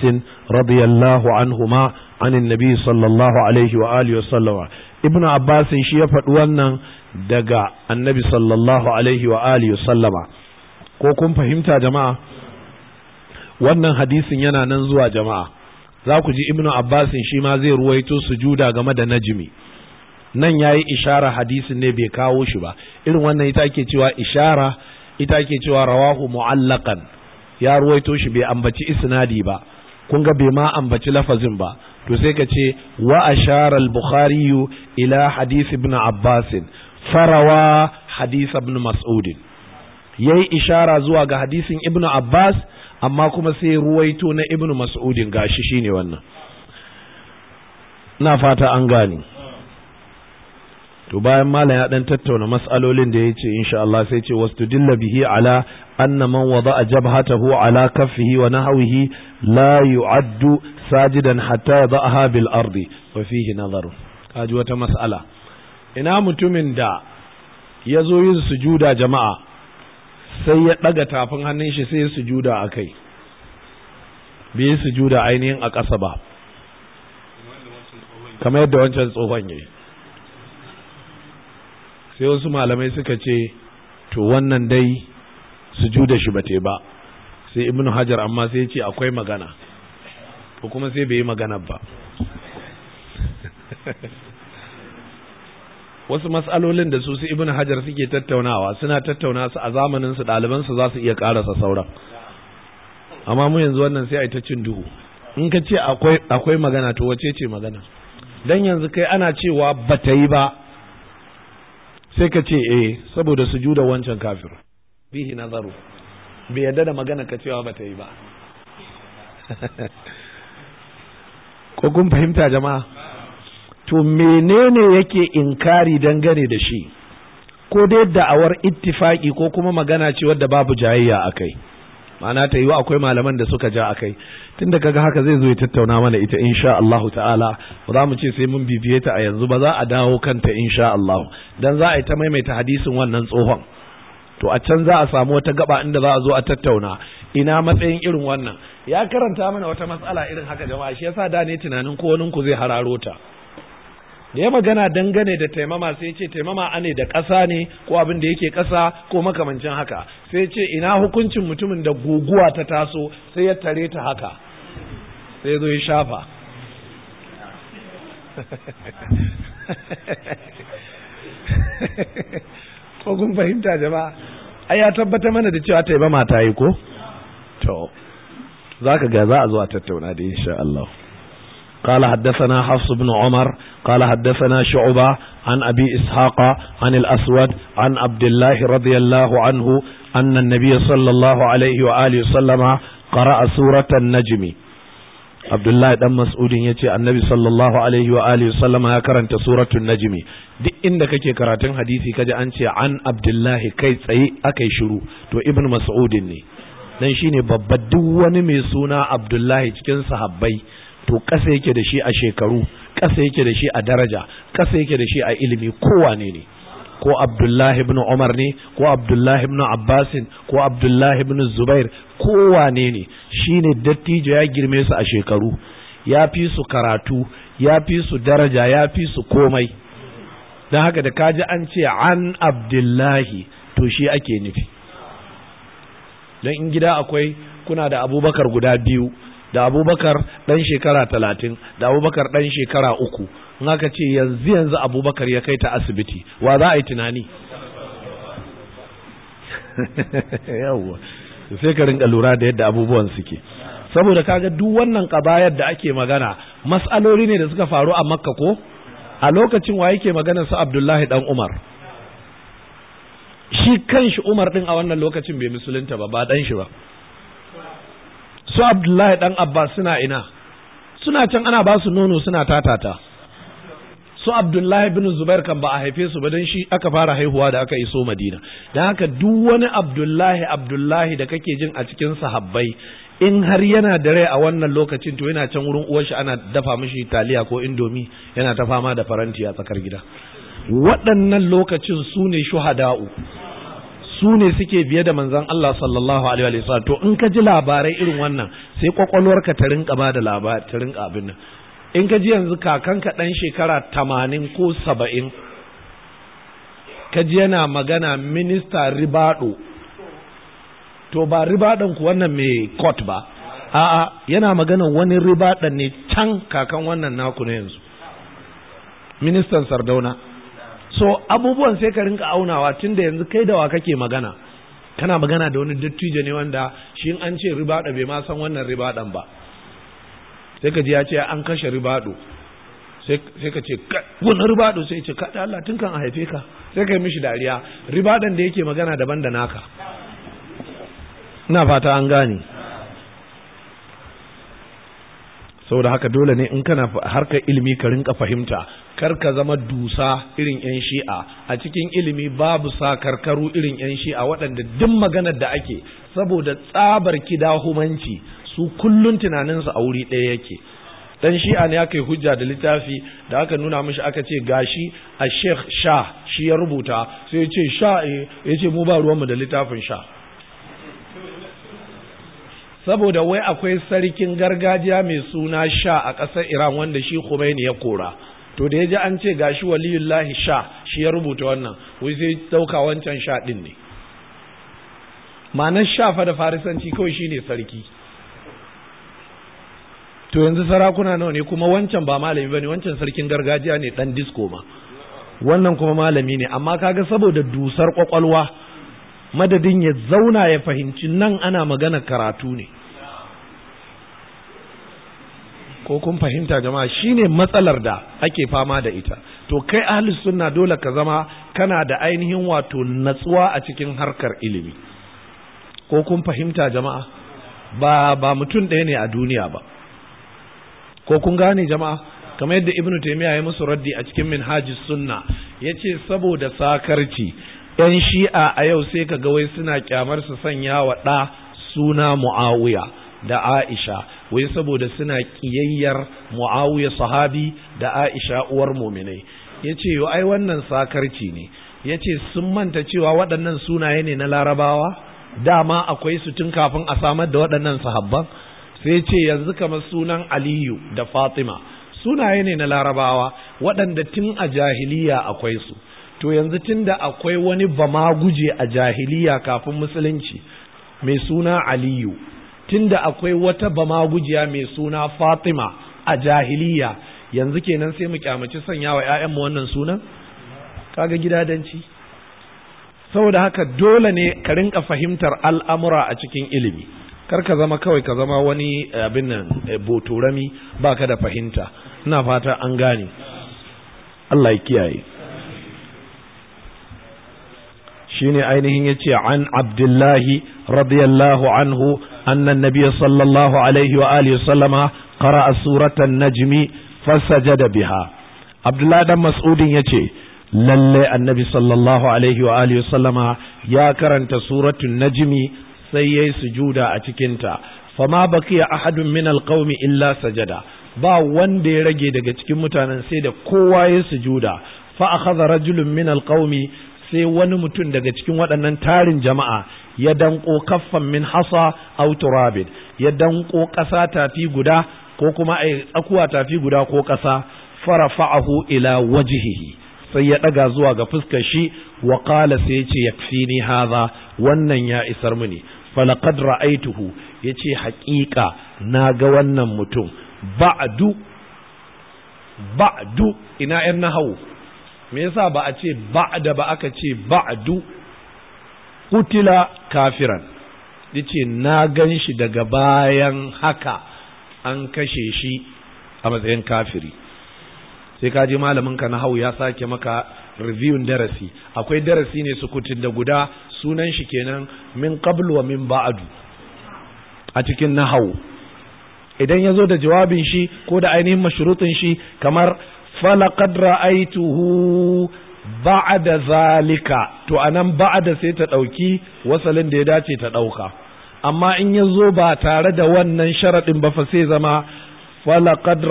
radiyallahu anhuma anin nabi sallallahu alaihi wa alihi wa sallama ibn abbas shi ya faɗi wannan daga annabi sallallahu alaihi wa alihi wa sallama ko kun fahimta jama'a wannan hadisin yana nan zuwa jama'a za ku ji ibn abbas shi ma zai ruwaito sujuda game da najmi nan yayi ishara hadisin ne bai kawo shi ba irin wannan ita ke cewa ishara ita ke cewa rawahu mu'allaqan ya ruwaito shi bai ambaci isnadi ba kun ga bai ma ambaci lafazin ba to sai ka ce wa ashara al-bukhari ila hadith ibn abbas farawa hadith ibn mas'ud yayi ishara zuwa ga hadisin ibn abbas amma kuma sai ruwaito na ibn mas'ud gashi shine wannan na fata an gani to bayan malam ya dan tattauna mas'alolin da yace insha Allah sai ce wastudilla bihi ala anna man wada'a jabhatahu ala kaffihi wa nahwihi la yu'addu sajidan hatta yada'aha bil ardi wa fihi nadharu kaji wata mas'ala ina mutumin da ya zo yin sujuda jama'a sai ya ɗaga tafin hannun shi sai sujuda akai bai yi sujuda ainihin a ƙasa ba kamar yadda wancan tsohon yayi sai wasu malamai suka ce to wannan dai sujuda shi ba ba sai ibn hajar amma sai ce akwai magana ko kuma sai bai yi magana ba wasu matsalolin da su su ibn hajar suke tattaunawa suna tattauna su a zamanin su ɗaliban su za su iya karasa sauran amma mu yanzu wannan sai a ta cin duhu in ka ce akwai magana to wace ce magana dan yanzu kai ana cewa bata yi ba sai ka ce eh saboda sujuda wancan kafiru bihi nazaru bai yarda da magana ka cewa ba ta yi ba ko kun fahimta jama'a to menene yake inkari dangane da shi ko dai awar ittifaki ko kuma magana ce wadda babu jayayya akai? kai ma'ana ta yiwu akwai malaman da suka ja akai? kai tunda kaga haka zai zo ya tattauna mana ita insha Allahu ta'ala ba za mu ce sai mun bibiye ta a yanzu ba za a dawo kanta insha Allah dan za a yi ta maimaita hadisin wannan tsohon to a can za a samu wata gaba inda za a zo a tattauna ina matsayin irin wannan ya karanta mana wata matsala irin haka jama'a shi yasa da ne tunanin ko wani ku zai hararo ta da ya magana dangane da taimama sai ce taimama ne da ƙasa ne ko abin da yake ƙasa ko makamancin haka sai ce ina hukuncin mutumin da guguwa ta taso sai ya tare ta haka sai zo ya shafa ko kun fahimta jama'a ai ya tabbata mana da cewa ta yaba mata yi ko to zaka ga za a zo a tattauna da insha Allah قال حدثنا حفص بن عمر قال حدثنا شعبة عن أبي إسحاق عن الأسود عن عبد الله رضي الله عنه أن النبي صلى الله عليه وآله وسلم قرأ سورة النجم abdullahi dan mas'udin ya ce annabi sallallahu alaihi wa alihi sallama ya karanta suratul najmi duk inda kake karatun hadisi kaji an ce an abdullahi kai tsaye akai shiru to ibn mas'udin ne dan shine babba duk wani mai suna abdullahi cikin sahabbai to kasa yake da shi a shekaru kasa yake da shi a daraja kasa yake da shi a ilimi kowa ne ne ko abdullahi ibn umar ne ko abdullahi ibn abbasin ko abdullahi ibn zubair ko wane ne shine dattijo ya girme su a shekaru ya fi su karatu ya fi su daraja ya fi su komai don haka da kaji an ce an abdullahi to shi ake nufi don in gida akwai kuna da abubakar guda biyu da abubakar ɗan shekara talatin da abubakar ɗan shekara uku aka ce yanzu yanzu abubakar ya kai ta asibiti wa za a yi tunani yawwa sai ka rinka lura da yadda abubuwan suke saboda kaga duk wannan kabayar da ake magana mas'aloli ne da suka faru a makka ko a lokacin wa yake magana su abdullahi dan umar shi kan shi umar din a wannan lokacin bai musulunta ba ba dan shi ba su abdullahi dan abbas suna ina suna can ana ba su nono suna tatata su abdullahi bin zubair kan ba a haife su ba dan shi aka fara haihuwa da aka iso madina dan haka duk wani abdullahi abdullahi da kake jin a cikin sahabbai in har yana da rai a wannan lokacin to yana can wurin uwar shi ana dafa mishi taliya ko indomi yana ta fama da faranti a tsakar gida waɗannan lokacin su ne shuhada'u su ne suke biye da manzon Allah sallallahu alaihi wa sallam to in ka ji labarai irin wannan sai kwakwalwarka ta rinka ba da labarai ta rinka abin nan in ka ji yanzu kakanka ɗan shekara tamanin ko saba'in ka ji yana magana minista ribaɗo to ba ribaɗon ku wannan mai court ba a'a yana magana wani ribaɗon ne can kakan wannan naku na yanzu ministan sardauna so abubuwan sai ka rinka aunawa tun da yanzu kai da wa kake magana kana magana da wani dattijo ne wanda shi an ce ribaɗa bai ma san wannan ribaɗan ba sai ka ji ya ce an kashe ribado sai ka ce wani ribado sai ce kaɗa Allah tun kan a haife ka sai ka yi mishi dariya ribadon da yake magana daban da naka ina fata an gane da haka dole ne in kana harkar ilimi ka rinka fahimta kar ka zama dusa irin yan shi'a a cikin ilimi babu sa karkaru irin yan shi'a waɗanda duk maganar da ake saboda tsabar kidahumanci su kullun tunaninsu a wuri ɗaya yake dan shi'a ne aka yi hujja da littafi da aka nuna mishi aka ce gashi a sheikh sha shi ya rubuta sai ya ce sha ya ce mu ba ruwanmu da littafin sha saboda wai akwai sarkin gargajiya mai suna sha a ƙasar iran wanda shi khomeini ya kora to da ya ji an ce gashi waliyullahi sha shi ya rubuta wannan wai sai dauka wancan sha din ne ma'anar sha fa da farisanci kawai shine sarki to yanzu sarakuna nawa ne kuma wancan ba malami bane wancan sarkin gargajiya ne dan disco ma wannan kuma malami ne amma kaga saboda dusar kwakwalwa madadin ya zauna ya fahimci nan ana magana karatu ne ko kun fahimta jama'a shine matsalar da ake fama da ita to kai ahlus sunna dole ka zama kana da ainihin wato natsuwa a cikin harkar ilimi ko kun fahimta jama'a ba ba mutum ɗaya ne a duniya ba ko kun gane jama'a kamar yadda ibnu taymiya ya musu raddi a cikin minhajus sunna yace saboda sakarci yan shi'a a yau sai ka ga wai suna kyamar su sanya wa ɗa suna muawiya da aisha wai saboda suna kiyayyar muawiya sahabi da aisha uwar mu'minai yace yo ai wannan sakarci ne yace sun manta cewa waɗannan sunaye ne na larabawa dama akwai su tun kafin a samar da waɗannan sahabban sai ce yanzu kamar sunan aliyu da fatima sunaye ne na larabawa waɗanda tun a jahiliya akwai su to yanzu tun da akwai wani bama guje a jahiliya kafin musulunci mai suna aliyu tun da akwai wata bama gujiya mai suna fatima a jahiliya yanzu kenan sai mu kyamaci sanya wa 'ya'yanmu wannan sunan kaga gidadanci saboda haka dole ne ka rinka fahimtar al'amura a cikin ilimi kar ka zama kawai ka zama wani eh, abin nan eh, ba ka da fahimta ina fata an gane Allah ya kiyaye shine ainihin ya ce an Abdullahi radiyallahu anhu anna an-nabiy sallallahu alaihi wa alihi sallama a suratan najmi da biha Abdullahi dan Mas'udin ce lalle annabi sallallahu alaihi wa alihi sallama ya karanta suratun najmi sai yayi sujuda a cikin ta fama baqiya ahadun min alqaumi illa sajada ba wanda ya rage daga cikin mutanen sai da kowa ya sujuda fa akhadha rajulun min alqaumi sai wani mutum daga cikin waɗannan tarin jama'a ya danko kaffan min hasa aw turabid ya danko ƙasa tafi guda ko kuma ai tsakuwa tafi guda ko ƙasa farafa'ahu ila wajhihi sai ya daga zuwa ga fuskar shi wa qala sai ya ce yakfini hadha wannan ya isar ne. falaqad ra'aituhu yace haƙiƙa na ga wannan mutum ba'du ba'du ina yan nahawu me yasa ba a ce ba'da ba aka ce ba'du kutila kafiran yace na gan shi daga bayan haka an kashe shi a matsayin kafiri sai ka je malamin ka nahawu ya sake maka review darasi akwai darasi ne sukutin da guda sunan shi kenan min qablu wa min ba'du a cikin nahawu. idan ya zo da jawabin shi ko da ainihin mashrutin shi kamar falaqad ra'aytuhu ba'da zalika to anan ba'da sai ta dauki wasalin da ya dace ta dauka amma in ya zo ba tare da wannan sharadin ba fa sai zama falaqad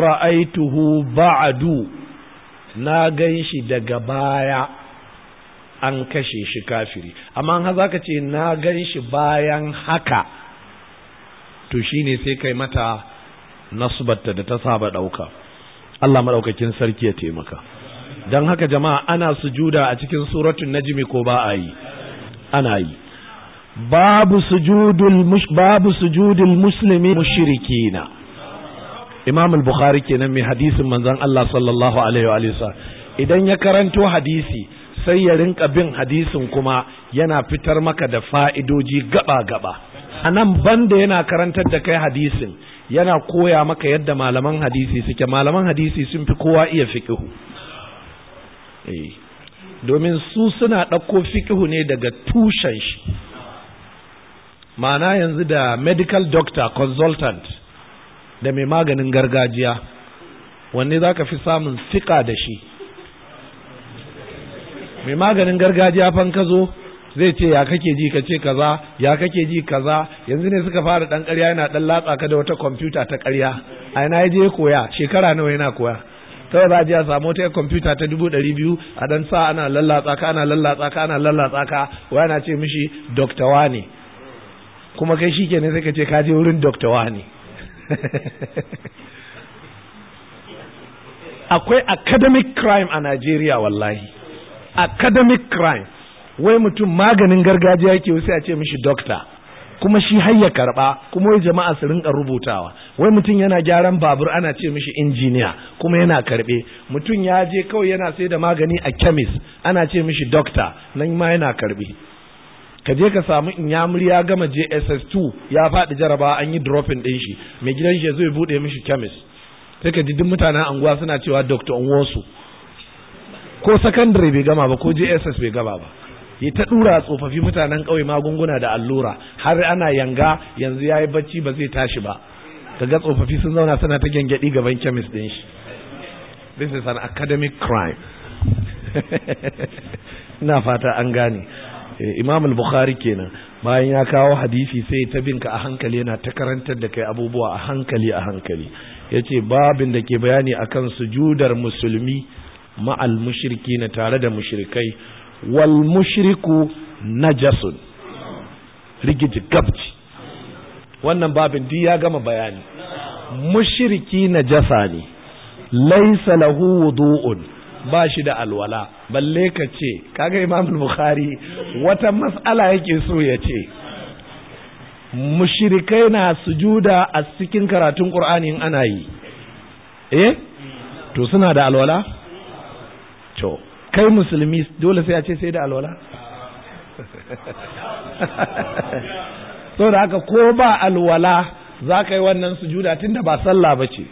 tuhu ba'du na gan shi daga baya an kashe shi kafiri amma haza ka ce na gan shi bayan haka to shine sai kai mata nasbatta da ta saba dauka Allah madaukakin sarki ya taimaka dan haka jama'a ana sujuda a cikin suratul najmi ko ba a yi ana yi babu sujudul mush babu sujudul muslimi mushrikina Imam al-Bukhari kenan mai hadisin manzon Allah sallallahu alaihi wa alihi idan ya karanto hadisi sai ya rinka bin hadisin kuma yana fitar maka da fa'idoji gaba-gaba a nan banda yana karantar da kai hadisin yana koya maka yadda malaman hadisi suke malaman hadisi sun fi kowa iya fiƙihu eh, domin su suna ɗauko fiƙihu ne daga tushen shi ma'ana yanzu da medical doctor consultant da mai maganin gargajiya wanne za ka fi samun siƙa da shi mai maganin gargajiya fan ka zo zai ce ya kake ji ka ce kaza ya kake ji kaza yanzu ne suka fara dan ƙarya yana dan latsa ka da wata kwamfuta ta ƙarya a ina je koya shekara nawa yana koya sai za a je a samu wata kwamfuta ta dubu ɗari biyu a dan sa ana lallatsa ka ana lallatsa ka ana lallatsa ka wa yana ce mishi dokta wani kuma kai shi kenan sai ka ce ka je wurin dokta wani akwai academic crime a Najeriya wallahi academic crime wai mutum maganin gargajiya yake sai a ce mishi doctor kuma shi har ya karba kuma wai jama'a su rinka rubutawa wai mutum yana gyaran babur ana ce mishi injiniya kuma yana karbe mutum ya je kawai yana sai da magani a chemist ana ce mishi doctor nan ma yana karbe ka je ka samu inyamuri ya gama JSS2 ya faɗi jaraba an yi dropping din shi mai gidan shi zai buɗe mishi chemist sai ka ji duk mutanen anguwa suna cewa Dr. Onwosu ko sakandare bai gama ba ko jss bai gama ba ya ta dura tsofaffi mutanen ƙauye magunguna da allura har ana yanga yanzu ya yi bacci ba zai tashi ba kaga tsofaffi sun zauna suna ta gyangyaɗi gaban kemis din shi this is an academic crime na fata an gane eh, imam al-bukhari kenan bayan ya kawo hadisi sai ta binka a hankali yana ta karantar da kai abubuwa a hankali a hankali yace babin da ke bayani akan sujudar musulmi ma'al mushriki na tare da mushrikai wal mushriku najasun rigiji gabci wannan babin di ya gama bayani mushriki najasa ne laisa lahu wudu'un ba shi da alwala balle ka ce kaga imam bukhari wata mas'ala yake so ya ce mushrikai na sujuda a cikin karatun qur'ani in ana yi eh to suna da alwala to kai musulmi dole sai a ce sai da alwala saboda haka ko ba alwala za ka yi wannan sujuda tun da ba sallah ba ce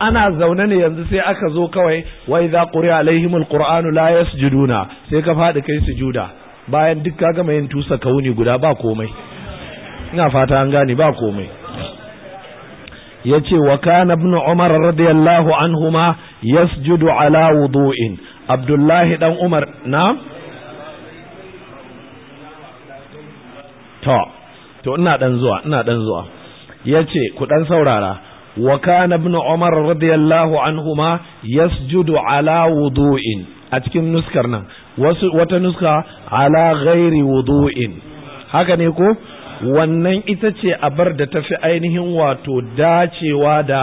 ana zaune ne yanzu sai aka zo kawai wai za ƙuri alaihim alƙur'anu la yasjuduna sai ka faɗi kai sujuda bayan duk ka gama yin tusa kauni guda ba komai ina fata an gane ba komai Ya ce wa kana ibn umar radiyallahu anhuma yasjudu ala wudu'in abdullahi dan umar na to to ina dan zuwa ina dan zuwa yace ku dan saurara wa kana ibn umar radiyallahu anhuma yasjudu ala wudu'in a cikin nuskar nan wasu wata nuska ala ghairi wudu'in haka ne ko wannan ita ce a bar da tafi ainihin wato dacewa da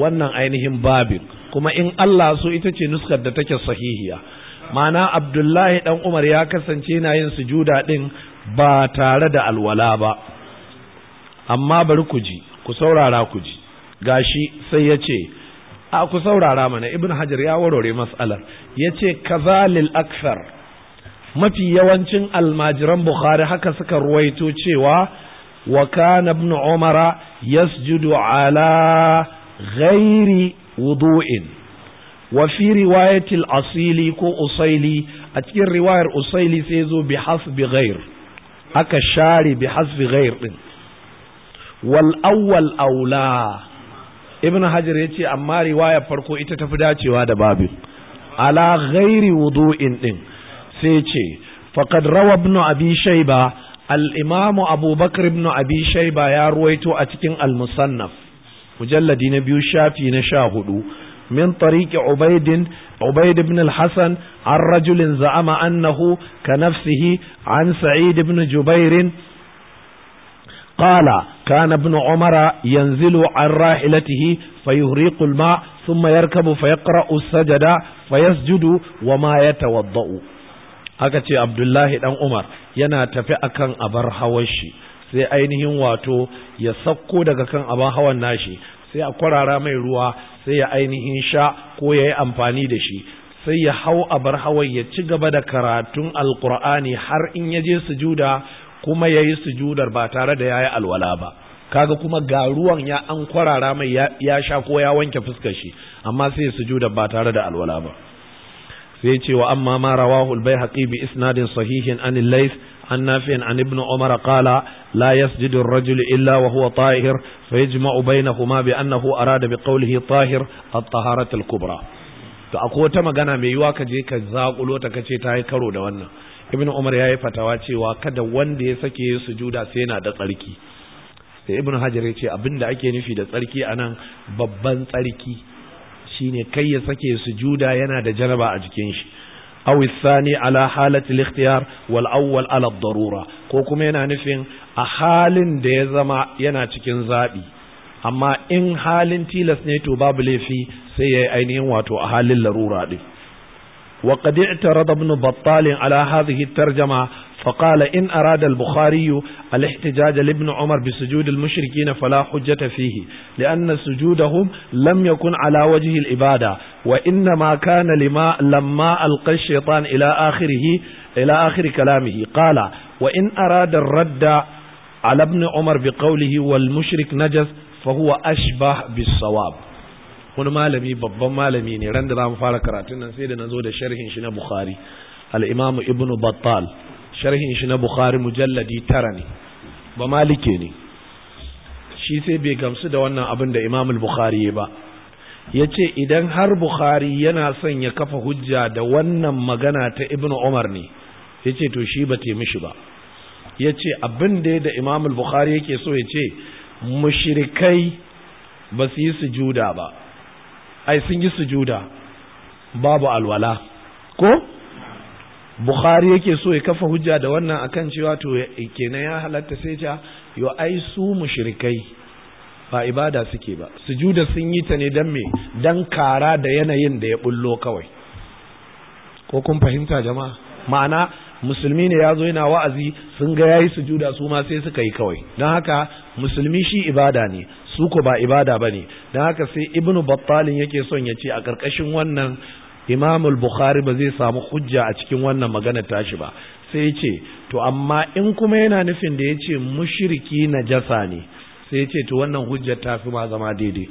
wannan ainihin babin kuma in Allah so ita ce nuskar da take sahihiya mana abdullahi dan umar ya kasance na yin sujuda din ba tare da alwala ba amma bari ku ji ku saurara ku ji gashi sai ya ce a ku saurara mana ibn hajar ya warware mas'alar ya ce kazalil aksar mafi yawancin almajiran bukhari haka suka ruwaito cewa wa kana ibn umara yasjudu ala ghairi wudu'in wa fi riwayatil asili ko usaili a cikin riwayar usaili sai zo bi hasbi ghair aka share bi hasbi ghair din wal awwal aula ibn hajar yace amma riwayar farko ita tafi dacewa da babu ala ghairi wudu'in din sai ce faqad rawa ibn abi shayba al imam abubakar ibn abi shayba ya ruwaito a cikin al musannaf mujalladi na biyu shafi na sha hudu من طريق عبيد عبيد بن الحسن عن رجل زعم أنه كنفسه عن سعيد بن جبير قال كان ابن عمر ينزل عن راحلته فيهريق الماء ثم يركب فيقرأ السجد فيسجد وما يتوضأ haka ce abdullahi dan umar yana tafi akan abar hawan shi sai ainihin wato ya sakko daga kan abin hawan nashi sai a kwarara mai ruwa sai ya ainihin sha ko ya yi amfani da shi sai ya hau abar hawan ya ci gaba da karatun alkur'ani har in ya je sujuda kuma ya yi sujudar ba tare da ya yi alwala ba kaga kuma ga ruwan ya an kwarara mai ya sha ko ya wanke fuskar shi amma sai ya sujuda ba tare da alwala ba sai ce wa amma ma rawahu bai baihaqi bi isnadin sahihin an al عن نافع عن ابن عمر قال لا يسجد الرجل إلا وهو طاهر فيجمع بينهما بأنه أراد Tahir طاهر الطهارة الكبرى to akwai wata magana mai yiwa ka je ka zaƙulo ta kace ta yi karo da wannan ibnu umar ya yi fatawa cewa kada wanda ya sake sujuda sai yana da tsarki sai ibnu hajar ya ce abinda ake nufi da tsarki anan babban tsarki shine kai ya sake sujuda yana da jaraba a jikin shi aw athani ala halati al-ikhtiyar wal awwal ala darura ko kuma yana nufin a halin da ya zama yana cikin zabi amma in halin tilas ne to babu laifi sai yayi ainihin wato a halin larura din wa qad i'tarada ibn battal ala hadhihi tarjama فقال إن أراد البخاري الاحتجاج لابن عمر بسجود المشركين فلا حجة فيه لأن سجودهم لم يكن على وجه الإبادة وإنما كان لما لما ألقى الشيطان إلى آخره إلى آخر كلامه قال وإن أراد الرد على ابن عمر بقوله والمشرك نجس فهو أشبه بالصواب wani malami babban malami ne ran da za mu fara karatun nan sai da na zo da sharhin shi na bukhari al-imamu ibnu battal sharhin shi na bukhari mujalladi tara ne ba malike ne shi sai bai gamsu da wannan abin da imam bukhari ba ya ce idan har bukhari yana son ya kafa hujja da wannan magana ta ibn umar ne ya ce to shi ba te mishi ba ya ce abin da da imam bukhari yake so ya ce mushrikai ba su yi sujuda ba ai sun yi sujuda babu alwala ko bukhari yake so ya kafa hujja da wannan akan cewa to kenan ya halatta sai ta yo ai su mushrikai ba ibada suke ba sujuda sun yi ta ne dan me dan kara da yanayin da ya bullo kawai ko kun fahimta jama'a ma'ana musulmi ne ya zo yana wa'azi sun ga yayi sujuda su ma sai suka yi kawai dan haka musulmi shi ibada ne su ko ba ibada bane dan haka sai ibnu battalin yake son ya ce a karkashin wannan imam al-bukhari ba zai samu hujja a cikin wannan magana tashi ba sai ya ce to amma in kuma yana nufin da ya ce mushriki najasa ne sai ya ce to wannan hujja ta fi ma zama daidai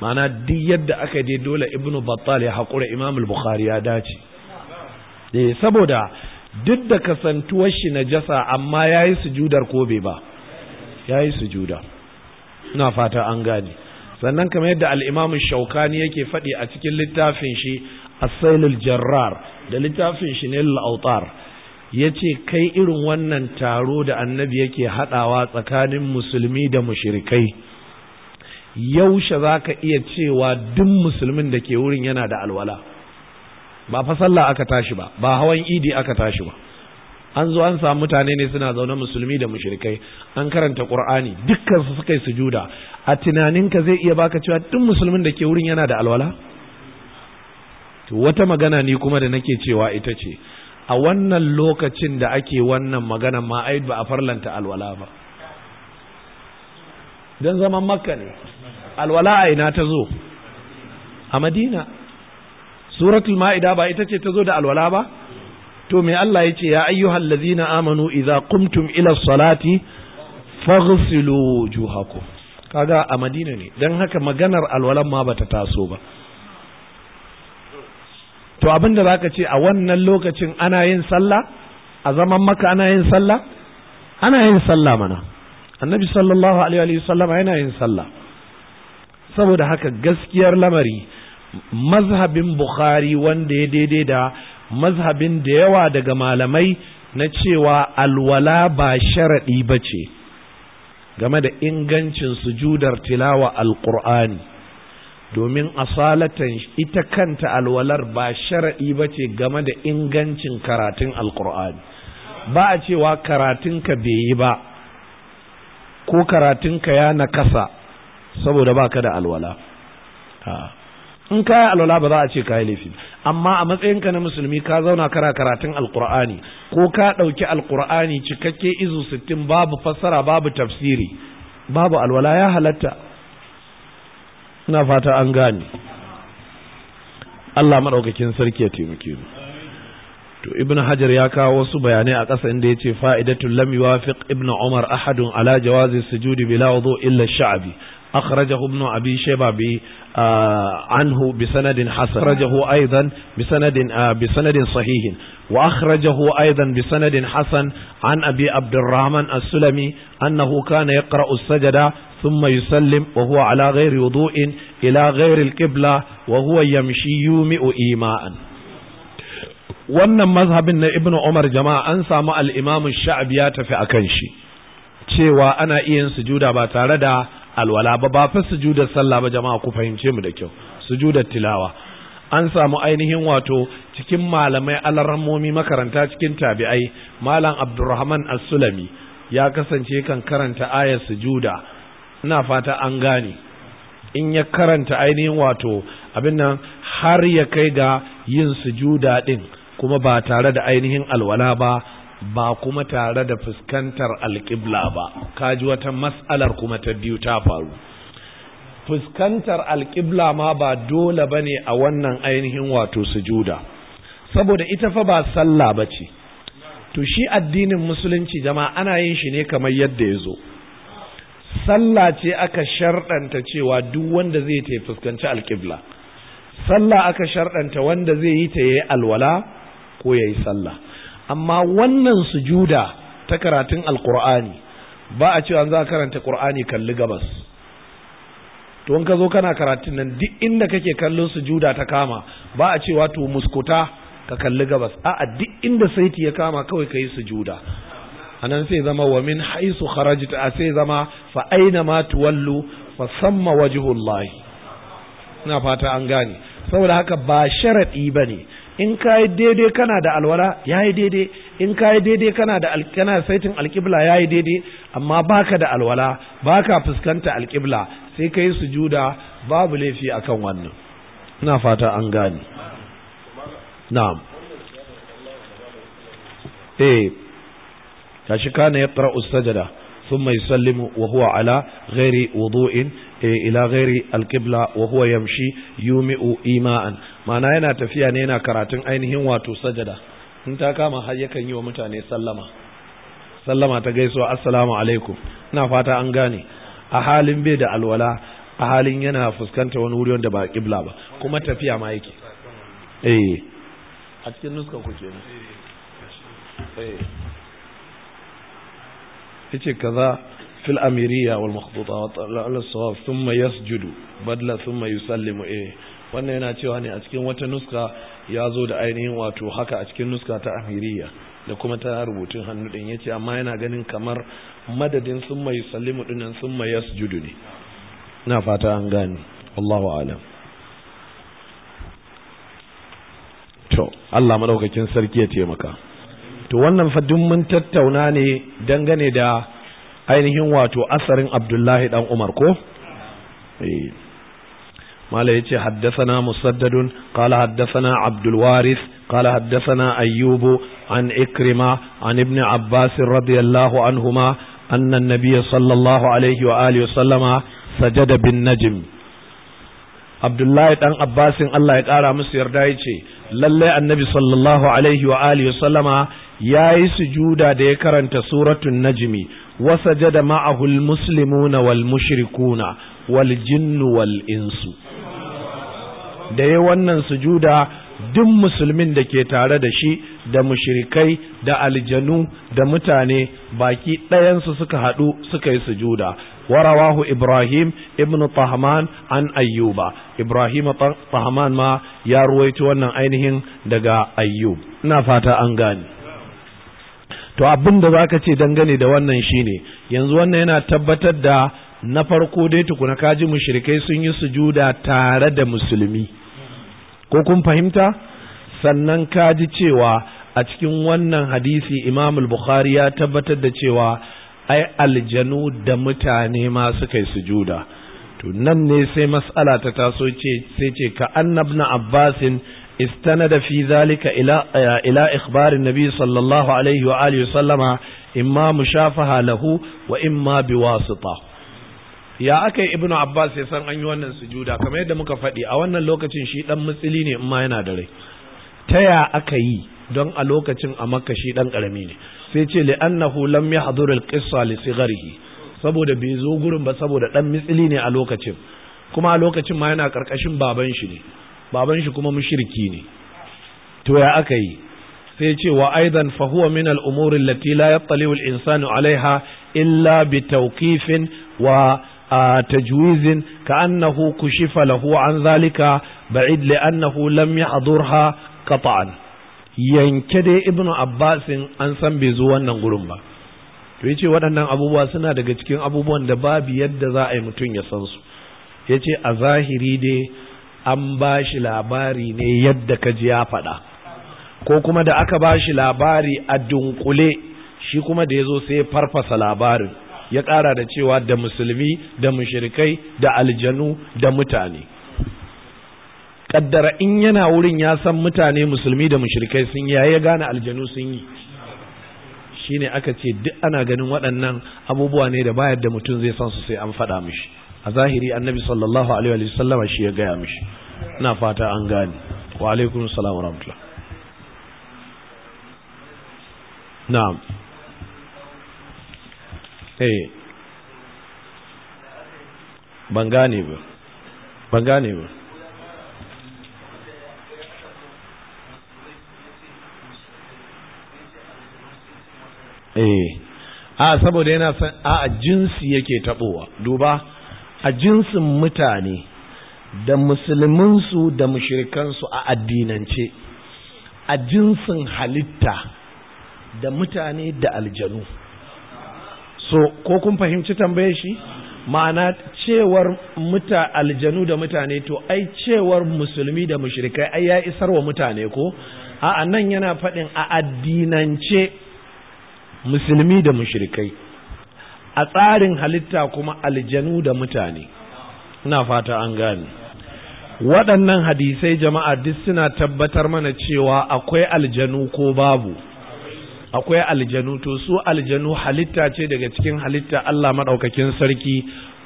mana duk yadda aka je dole ibnu battal ya hakura imam al-bukhari ya dace eh saboda duk da kasantuwar shi najasa amma yayi sujudar ko bai ba yayi sujuda ina fata an gani. sannan kamar yadda al'imamin shaukani yake faɗi a cikin littafin shi asailul jarrar da littafin shi ne la'autar ya ce kai irin wannan taro da annabi yake haɗawa tsakanin musulmi da mushirikai yaushe za ka iya cewa duk musulmin da ke wurin yana da alwala ba fa sallah aka tashi ba ba hawan idi aka tashi ba an zo an samu mutane ne suna zaune musulmi da mushrikai an karanta qur'ani dukkan su suka yi sujuda a tunaninka zai iya baka cewa duk musulmin da ke wurin yana da alwala to wata magana ni kuma da nake cewa ita ce a wannan lokacin da ake wannan magana ma ai ba a farlanta alwala ba don zaman makka ne alwala a ina ta zo a madina suratul ma'ida ba ita ce ta zo da alwala ba to me Allah ya ce ya ayyuhal ladzina amanu idza qumtum ila salati faghsilu wujuhakum kaga a Madina ne dan haka maganar alwalan ma bata taso ba to abin da zaka ce a wannan lokacin ana yin sallah a zaman maka ana yin sallah ana yin sallah mana annabi sallallahu alaihi wa sallam yana yin sallah saboda haka gaskiyar lamari mazhabin bukhari wanda ya daidai da mazhabin da yawa daga malamai na cewa alwala ba sharaɗi ba ce game da ingancin sujudar tilawa alƙur'ani domin asalatan ita kanta alwalar ba sharaɗi ba ce game da ingancin karatun alƙur'ani ba a cewa karatunka bai yi ba ko karatunka ya nakasa saboda baka da alwala in ka yi alwala ba za a ce ka yi laifi amma a matsayinka na musulmi ka zauna kara karatun alkur'ani ko ka ɗauki alkur'ani cikakke izu sittin babu fassara babu tafsiri babu alwala ya halatta ina fata an gane Allah maɗaukakin sarki ya taimake mu to ibn hajar ya kawo wasu bayanai a ƙasa inda ya ce fa'idatu lam yuwafiq ibn umar ahadun ala jawazi sujudi bila wudu illa sha'abi أخرجه ابن أبي شيبة عنه بسند حسن أخرجه أيضا بسند بسند صحيح وأخرجه أيضا بسند حسن عن أبي عبد الرحمن السلمي أنه كان يقرأ السجدة ثم يسلم وهو على غير وضوء إلى غير القبلة وهو يمشي يومئ إيماء wannan mazhabin na ibnu umar jama'a an samu al'imamun sha'ab ya tafi a kan shi cewa ana iya yin sujuda ba tare da alwala ba ba fa sujudar sallah ba jama'a ku fahimce mu da kyau sujudar tilawa an samu ainihin wato cikin malamai alarramomi makaranta cikin tabi'ai malam abdurrahman as-sulami ya kasance kan karanta ayar sujuda ina fata an gane in ya karanta ainihin wato abin nan har ya kai ga yin sujuda din kuma ba tare da ainihin alwala ba ba kuma tare da fuskantar alƙibla ba kaji wata matsalar kuma ta biyu ta faru fuskantar alƙibla ma ba dole ba ne a wannan ainihin wato sujuda saboda ita fa ba sallah ba ce to shi addinin musulunci jama'a ana yin shi ne kamar yadda ya zo sallah ce aka sharɗanta cewa duk wanda zai ta fuskanci alƙibla sallah aka sharɗanta wanda zai yi ta yayi alwala ko yayi sallah amma wannan sujuda ta karatun alkur'ani ba a cewa za a karanta Kur'ani kalli gabas to in ka zo kana karatun nan duk inda kake kallon sujuda ta kama ba a cewa to muskuta ka kalli gabas a'a duk inda saiti ya kama kawai ka yi sujuda anan sai zama wa min haisu kharajta sai zama fa aina ma tuwallu fa samma wajhullahi ina fata an gane saboda haka ba sharadi bane in ka yi daidai kana da alwala ya yi daidai in ka yi daidai kana da kana saitin alƙibla ya yi daidai amma baka da alwala baka fuskanta alƙibla sai ka yi sujuda babu laifi a kan wannan ina fata an gane na'am eh shi kana mai sajada wa huwa ala على غير eh, ila إلى غير wa huwa yamshi yumi'u imaan mana yana tafiya ne yana karatun ainihin wato sajada in ta kama har yakan yi wa mutane sallama sallama ta gaisuwa assalamu alaikum ina fata an gane a halin bai da alwala a halin yana fuskanta wani wuri wanda ba kibla ba kuma tafiya ma yake eh a cikin nuskar ku kenan eh yace kaza في الأميرية والمخطوطات على الصواب thumma yasjudu badla thumma yusallimu eh wannan yana cewa ne a cikin wata nuska ya zo da ainihin wato haka a cikin nuska ta amiriya da kuma ta rubutun hannu din ce amma yana ganin kamar madadin sun summa sun dinan summa judu ne na fata an gane Allahu alam to Allah madaukakin sarki ya taimaka to wannan fa duk mun tattauna ne dangane da ainihin wato asarin Abdullahi dan Umar ko eh mala yace haddathana musaddad qala haddathana abdul waris qala haddathana ayyub an ikrima an ibn abbas radiyallahu anhuma anna an-nabiy sallallahu alaihi wa wa sallama sajada bin najm abdullahi dan abbasin Allah ya kara musu yarda yace lallai annabi sallallahu alaihi wa alihi wa sallama yayi sujuda da ya karanta suratun najmi wa sajada ma'ahu muslimuna wal mushrikuna wal wal insu da ya wannan sujuda duk musulmin da ke tare da shi da mushirikai da aljanu da mutane baki ɗayansu suka haɗu suka yi sujuda warawahu ibrahim ibn tahman an ayyuba ibrahim tahman ma ya ruwaito wannan ainihin daga ayyub ina fata an gane to abin da zaka ce dangane da wannan shine yanzu wannan yana tabbatar da na farko dai tukuna kaji mushrikai sun yi sujuda tare da musulmi ko kun fahimta sannan kaji cewa a cikin wannan hadisi Imam al-Bukhari ya tabbatar da cewa ai aljanu da mutane ma suka yi sujuda to nan ne sai mas'ala ta taso ce sai ce ka annabna abbasin استند في ذلك إلى إلى إخبار النبي صلى الله عليه وآله وسلم إما مشافهة له وإما بواسطة ya aka yi ibnu abbas ya san an yi wannan sujuda kamar yadda muka faɗi a wannan lokacin shi dan mutsili ne in ma yana da rai ta ya aka yi don a lokacin a makka shi dan karami ne sai ce li annahu lam yahdhur al qissa li sigharihi saboda bai zo gurin ba saboda dan mutsili ne a lokacin kuma a lokacin ma yana karkashin baban shi ne baban shi kuma mushriki ne to ya aka yi sai ce wa aidan fa huwa min al umuri allati la yattali al insanu alaiha illa bi tawqifin wa a tajwizin ka annahu kushifa lahu an zalika ba'id li annahu lam yahdurha qata'an yanke dai ibnu abbasin an san bai zo wannan gurin ba to yace waɗannan abubuwa suna daga cikin abubuwan da babu yadda za a yi mutum ya san su yace a zahiri dai an ba shi labari ne yadda ka ji ya faɗa ko kuma da aka ba shi labari a dunkule shi kuma da ya zo sai farfasa labarin ya ƙara da cewa da musulmi da mushrikai da aljanu da mutane kaddara in yana wurin ya san mutane musulmi da mushirikai sun yi ya gane aljanu sun yi ne aka ce duk ana ganin waɗannan abubuwa ne da bayar da mutum zai san su sai an faɗa mishi a zahiri annabi sallallahu alaihi wa shi ya gaya mishi ina fata an gane wa alaikum salam wa rahmatullah na'am eh ban gane ba ban gane ba eh a saboda yana san a jinsi yake tabowa duba a jinsin mutane da musulminsu da mushrikansu a addinance a jinsin halitta da mutane da aljanu so ko kun fahimci tambayar shi ma'ana cewar muta aljanu da mutane to ai cewar musulmi da mushrikai ai ya isar wa mutane ko a nan yana faɗin a addinance musulmi da mushrikai a tsarin halitta kuma aljanu da mutane ina fata an gane waɗannan hadisai jama'a duk suna tabbatar mana cewa akwai aljanu ko babu akwai aljanu to su aljanu halitta ce daga cikin halitta Allah madaukakin sarki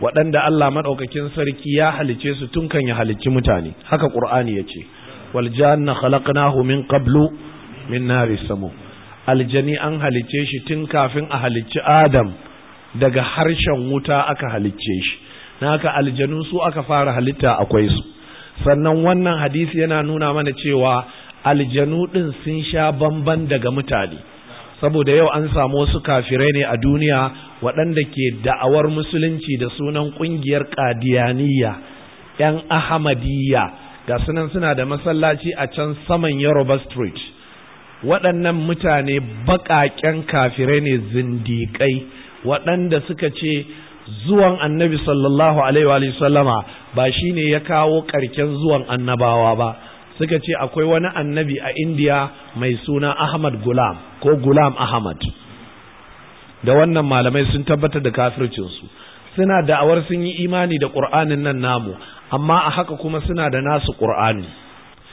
waɗanda Allah madaukakin sarki ya halice su tun kan ya halicci mutane haka ƙur'ani yace ce wal janna khalaqnahu min qablu min nari samu aljani an halice shi tun kafin a halicci adam daga harshen wuta aka halicce shi Naka aljanu su aka fara halitta akwai su sannan wannan hadisi yana nuna mana cewa aljanu ɗin sun sha bamban daga mutane saboda yau an samu wasu kafirai ne a duniya waɗanda ke da'awar musulunci da sunan ƙungiyar ƙadiyaniya 'yan ahamadiyya ga sunan suna da masallaci a can saman yoruba street waɗannan mutane baƙaƙen kafirai ne zindiƙai waɗanda suka ce zuwan annabi sallallahu alaihi wa sallama ba shi ne ya kawo ƙarken zuwan annabawa ba suka ce akwai wani annabi a indiya mai suna ahmad gulam ko gulam ahmad da wannan malamai sun tabbatar da kafircinsu suna da'awar sun yi imani da ƙur'anin nan namu amma a haka kuma suna da nasu ƙur'ani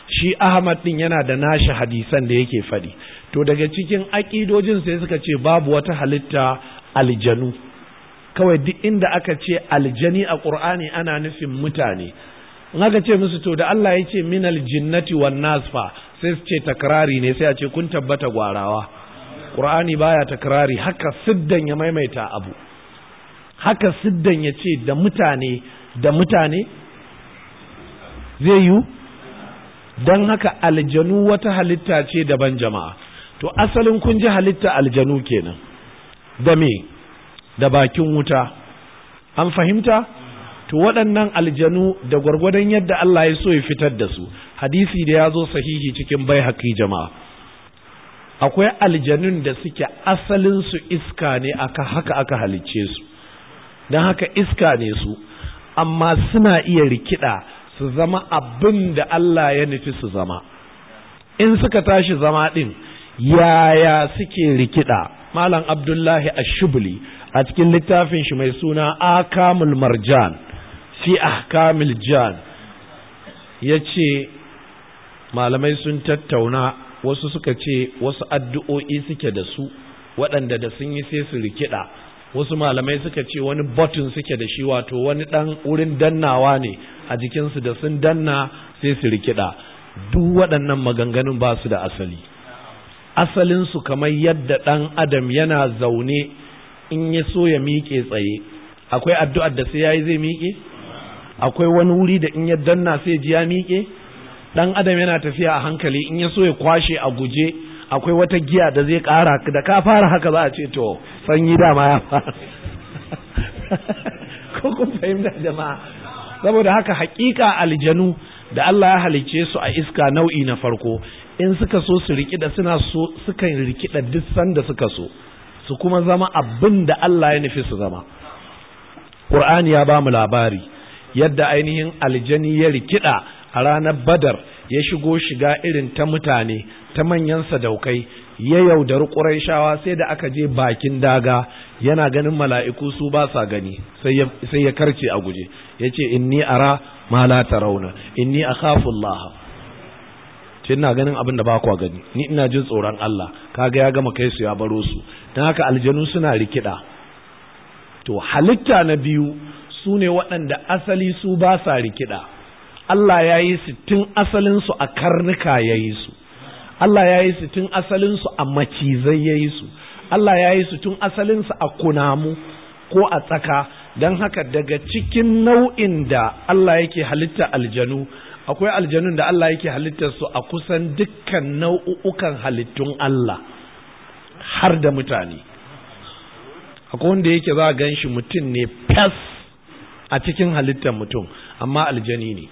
shi ahmad din yana da nashi hadisan da yake faɗi to daga cikin aƙidojin sai suka ce babu wata halitta aljanu kawai duk inda aka ce aljani a ƙur'ani ana nufin mutane in ce musu to da Allah ya ce minal jinnati wan nasfa sai su ce takrari ne sai a ce kun tabbata gwarawa qur'ani baya takrari haka siddan ya maimaita abu haka siddan ya ce da mutane da mutane zai yi don haka aljanu wata halitta ce daban jama'a to asalin kun ji halitta aljanu kenan da me da bakin wuta an fahimta to waɗannan aljanu da gwargwadon yadda Allah ya so ya fitar da su hadisi da ya zo sahihi cikin bai haƙi jama'a akwai aljanun da suke asalin su iska ne aka haka aka halicce su don haka iska ne su amma suna iya rikida su zama abin da Allah ya nufi su zama in suka tashi zama ɗin yaya suke rikida malam abdullahi ashubli a cikin littafin shi mai suna akamul marjan fi ahkamil Jan ya ce malamai sun tattauna wasu suka ce wasu addu'o'i suke da su waɗanda da sun yi sai su rikida wasu malamai suka ce wani botin suke da shi wato wani ɗan wurin dannawa ne a jikinsu da sun danna sai su rikida duk waɗannan maganganun ba su da asali asalinsu kamar yadda ɗan adam yana zaune in ya so ya miƙe tsaye akwai addu'ar da sai ya yi zai miƙe akwai wani wuri da in ya danna sai ji ya miƙe dan adam yana tafiya a hankali in ya so ya kwashe a guje akwai wata giya da zai kara da ka fara haka za a ce to sanyi dama ya fara ko kun fahimta jama'a saboda haka hakika aljanu da Allah ya halicce su a iska nau'i na farko in suka so su rikida suna so sukan rikida duk sanda suka so su kuma zama abin da Allah ya nufi su zama Qur'ani ya ba mu labari yadda ainihin aljani ya rikida a ranar badar ya shigo shiga irin ta mutane ta manyan sadaukai ya yaudari ƙuraishawa sai da aka je bakin daga yana ganin mala'iku su ba sa gani sai ya karce a guje ya ce inni ara ma la a inni akhafullah ce ina ganin abin da ba kwa gani ni ina jin tsoron Allah kaga ya gama kai su ya baro su don haka aljanu suna rikida to halitta na biyu su ne waɗanda asali su ba sa rikida Allah ya yi su tun asalinsu a karnuka ya yi su Allah ya yi su tun asalinsu a macizai ya yi su Allah ya yi su tun asalinsu a kunamu ko a tsaka don haka daga cikin nau'in da Allah yake halitta aljanu akwai aljanun da Allah yake halittar su a kusan dukkan nau'ukan halittun Allah har da mutane akwai wanda yake za a gan shi mutum ne fes a cikin halittar mutum amma aljani ne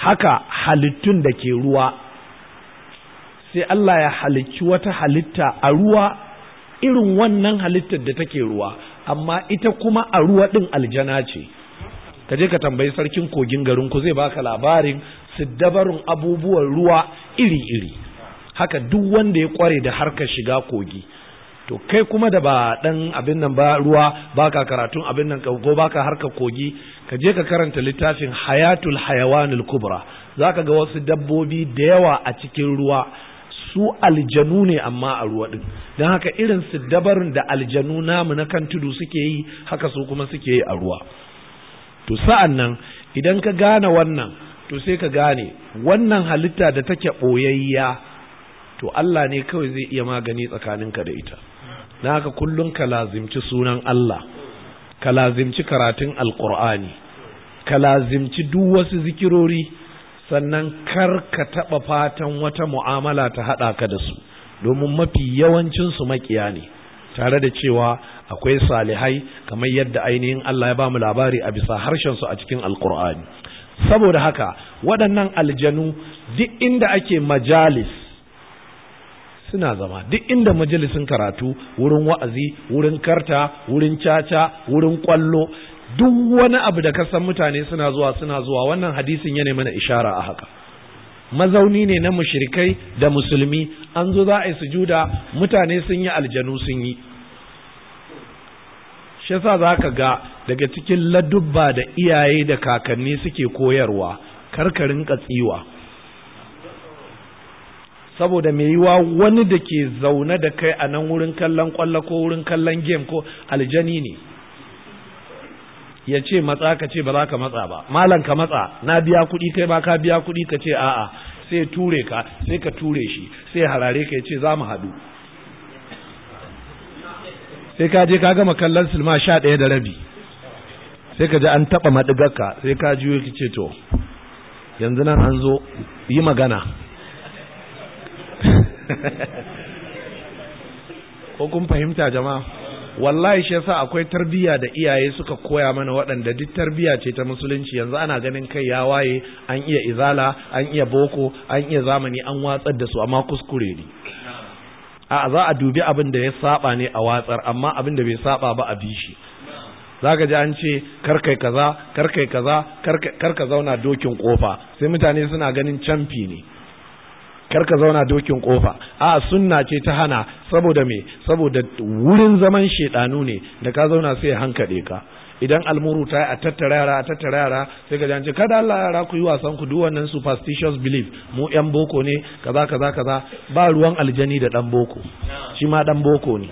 haka halittun da ke ruwa sai Allah ya halicci wata halitta a ruwa irin wannan halittar da take ruwa amma ita kuma a ruwa ɗin aljana ce ka je ka tambayi sarkin kogin garin ku zai baka labarin siddabarun abubuwan ruwa iri-iri haka duk wanda ya kware da harkar shiga kogi to kai kuma da ba dan abin nan ba ruwa baka karatun abin nan ko baka harka kogi ka je ka karanta littafin hayatul hayawanul kubra zaka ga wasu dabbobi da yawa a cikin ruwa su aljanu ne amma a ruwa din don haka irin su dabarun da aljanu namu na kan tudu suke yi haka su kuma suke yi a ruwa to sa'an nan idan ka gane wannan to sai ka gane wannan halitta da take ɓoyayya to Allah ne kawai zai iya magani tsakaninka da ita na haka kullum ka lazimci sunan Allah ka lazimci karatun alkur'ani ka lazimci duk wasu zikirori sannan kar ka taɓa fatan wata mu'amala ta haɗa ka da su domin mafi yawancinsu maƙiya ne tare da cewa akwai salihai kamar yadda ainihin Allah ya ba mu labari a bisa harshensu a cikin alkur'ani saboda haka waɗannan aljanu duk inda ake majalis suna zama duk inda majalisin karatu wurin wa'azi wurin karta wurin caca wurin kwallo duk wani abu da kasan mutane suna zuwa suna zuwa wannan hadisin ya mana ishara a haka mazauni ne na mushrikai da musulmi an zo za a yi sujuda mutane sun yi aljanu sun yi shi yasa za ka ga daga cikin ladubba da iyaye da kakanni suke koyarwa karkarin katsiwa saboda mai yiwa wani da ke zaune da kai a nan wurin kallon kwallo ko wurin kallon game ko aljani ne ya ce matsa ka ce ba za ka matsa ba malam ka matsa na biya kuɗi kai ba ka biya kuɗi ka ce a'a sai ture ka sai ka ture shi sai harare ka ya ce za mu haɗu sai ka je ka gama kallon silma sha ɗaya da rabi sai ka ji an taɓa maɗigarka sai ka ji ki ce to yanzu nan an zo yi magana ko kun fahimta jama'a wallahi shi yasa akwai tarbiyya da iyaye suka koya mana waɗanda duk tarbiyya ce ta musulunci yanzu ana ganin kai ya waye an iya izala an iya boko an iya zamani an watsar da su amma kuskure ne a za a dubi abin da ya saba ne a watsar amma abin da bai saba ba a bi shi zaka ji an ce karkai kaza karkai kaza karka zauna dokin kofa sai mutane suna ganin camfi ne kar ka zauna dokin kofa a sunna ce ta hana saboda me saboda wurin zaman shedanu ne da ka zauna sai hankade ka idan almuru ta a tattara yara a tattara yara sai ka ji kada Allah yara ku yi wasan ku duk wannan superstitious belief mu yan boko ne kaza kaza kaza ba ruwan aljani da dan boko shi ma dan boko ne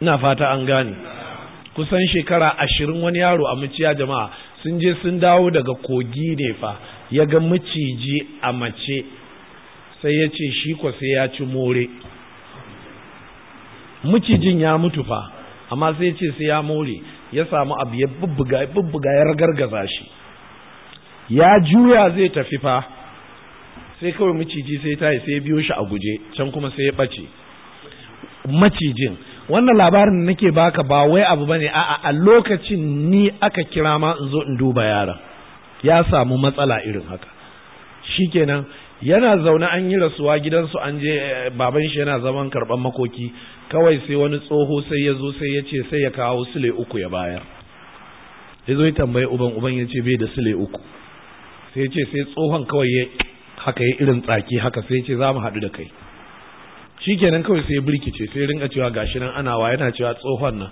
ina fata an gane kusan shekara ashirin wani yaro a muciya jama'a sun je sun dawo daga kogi ne fa ya ga maciji a mace sai ya ce shi kwa sai ya ci more macijin ya mutu fa amma sai ya ce sai ya more ya samu abu ya bubbuga ya ragargaza shi ya juya zai tafi fa sai kawai maciji sai ta yi sai biyo shi a guje can kuma sai ya ɓace macijin wannan labarin da nake baka ba wai abu bane a'a a lokacin ni aka kira ma in zo in duba yaran. ya samu matsala irin haka shikenan yana zaune an yi rasuwa gidansu an je eh, baban shi yana zaman karban makoki kawai sai wani tsoho sai ya zo sai ya ce sai ya kawo sule uku ya bayar ya zo ya tambayi uban uban ya ce bai da sule uku sai ya ce sai tsohon kawai ya haka ya irin tsaki haka sai ya ce za mu haɗu da kai shikenan kawai sai ya birkice sai rinka cewa gashi nan ana wa yana cewa tsohon nan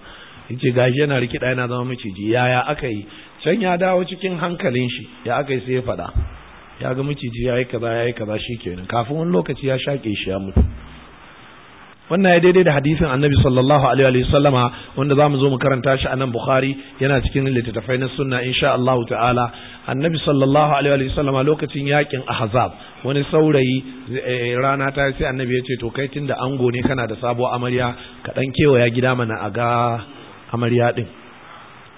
yace gashi yana rikida yana zama maciji yaya aka yi can ya dawo cikin hankalin shi ya aka yi sai ya faɗa ya ga miciji ya yi kaza ya yi kaza shi kenan kafin wani lokaci ya shaƙe shi ya mutu wannan ya daidai da hadisin annabi sallallahu alaihi wa sallam, wanda zamu zo mu karanta shi a nan bukhari yana cikin littattafai na sunna insha Allah ta'ala annabi sallallahu alaihi wa lokacin yakin ahzab wani saurayi eh, rana ta sai annabi ya ce to kai tunda ango ne kana da sabuwar amarya ka dan kewaya gida mana a ga amarya din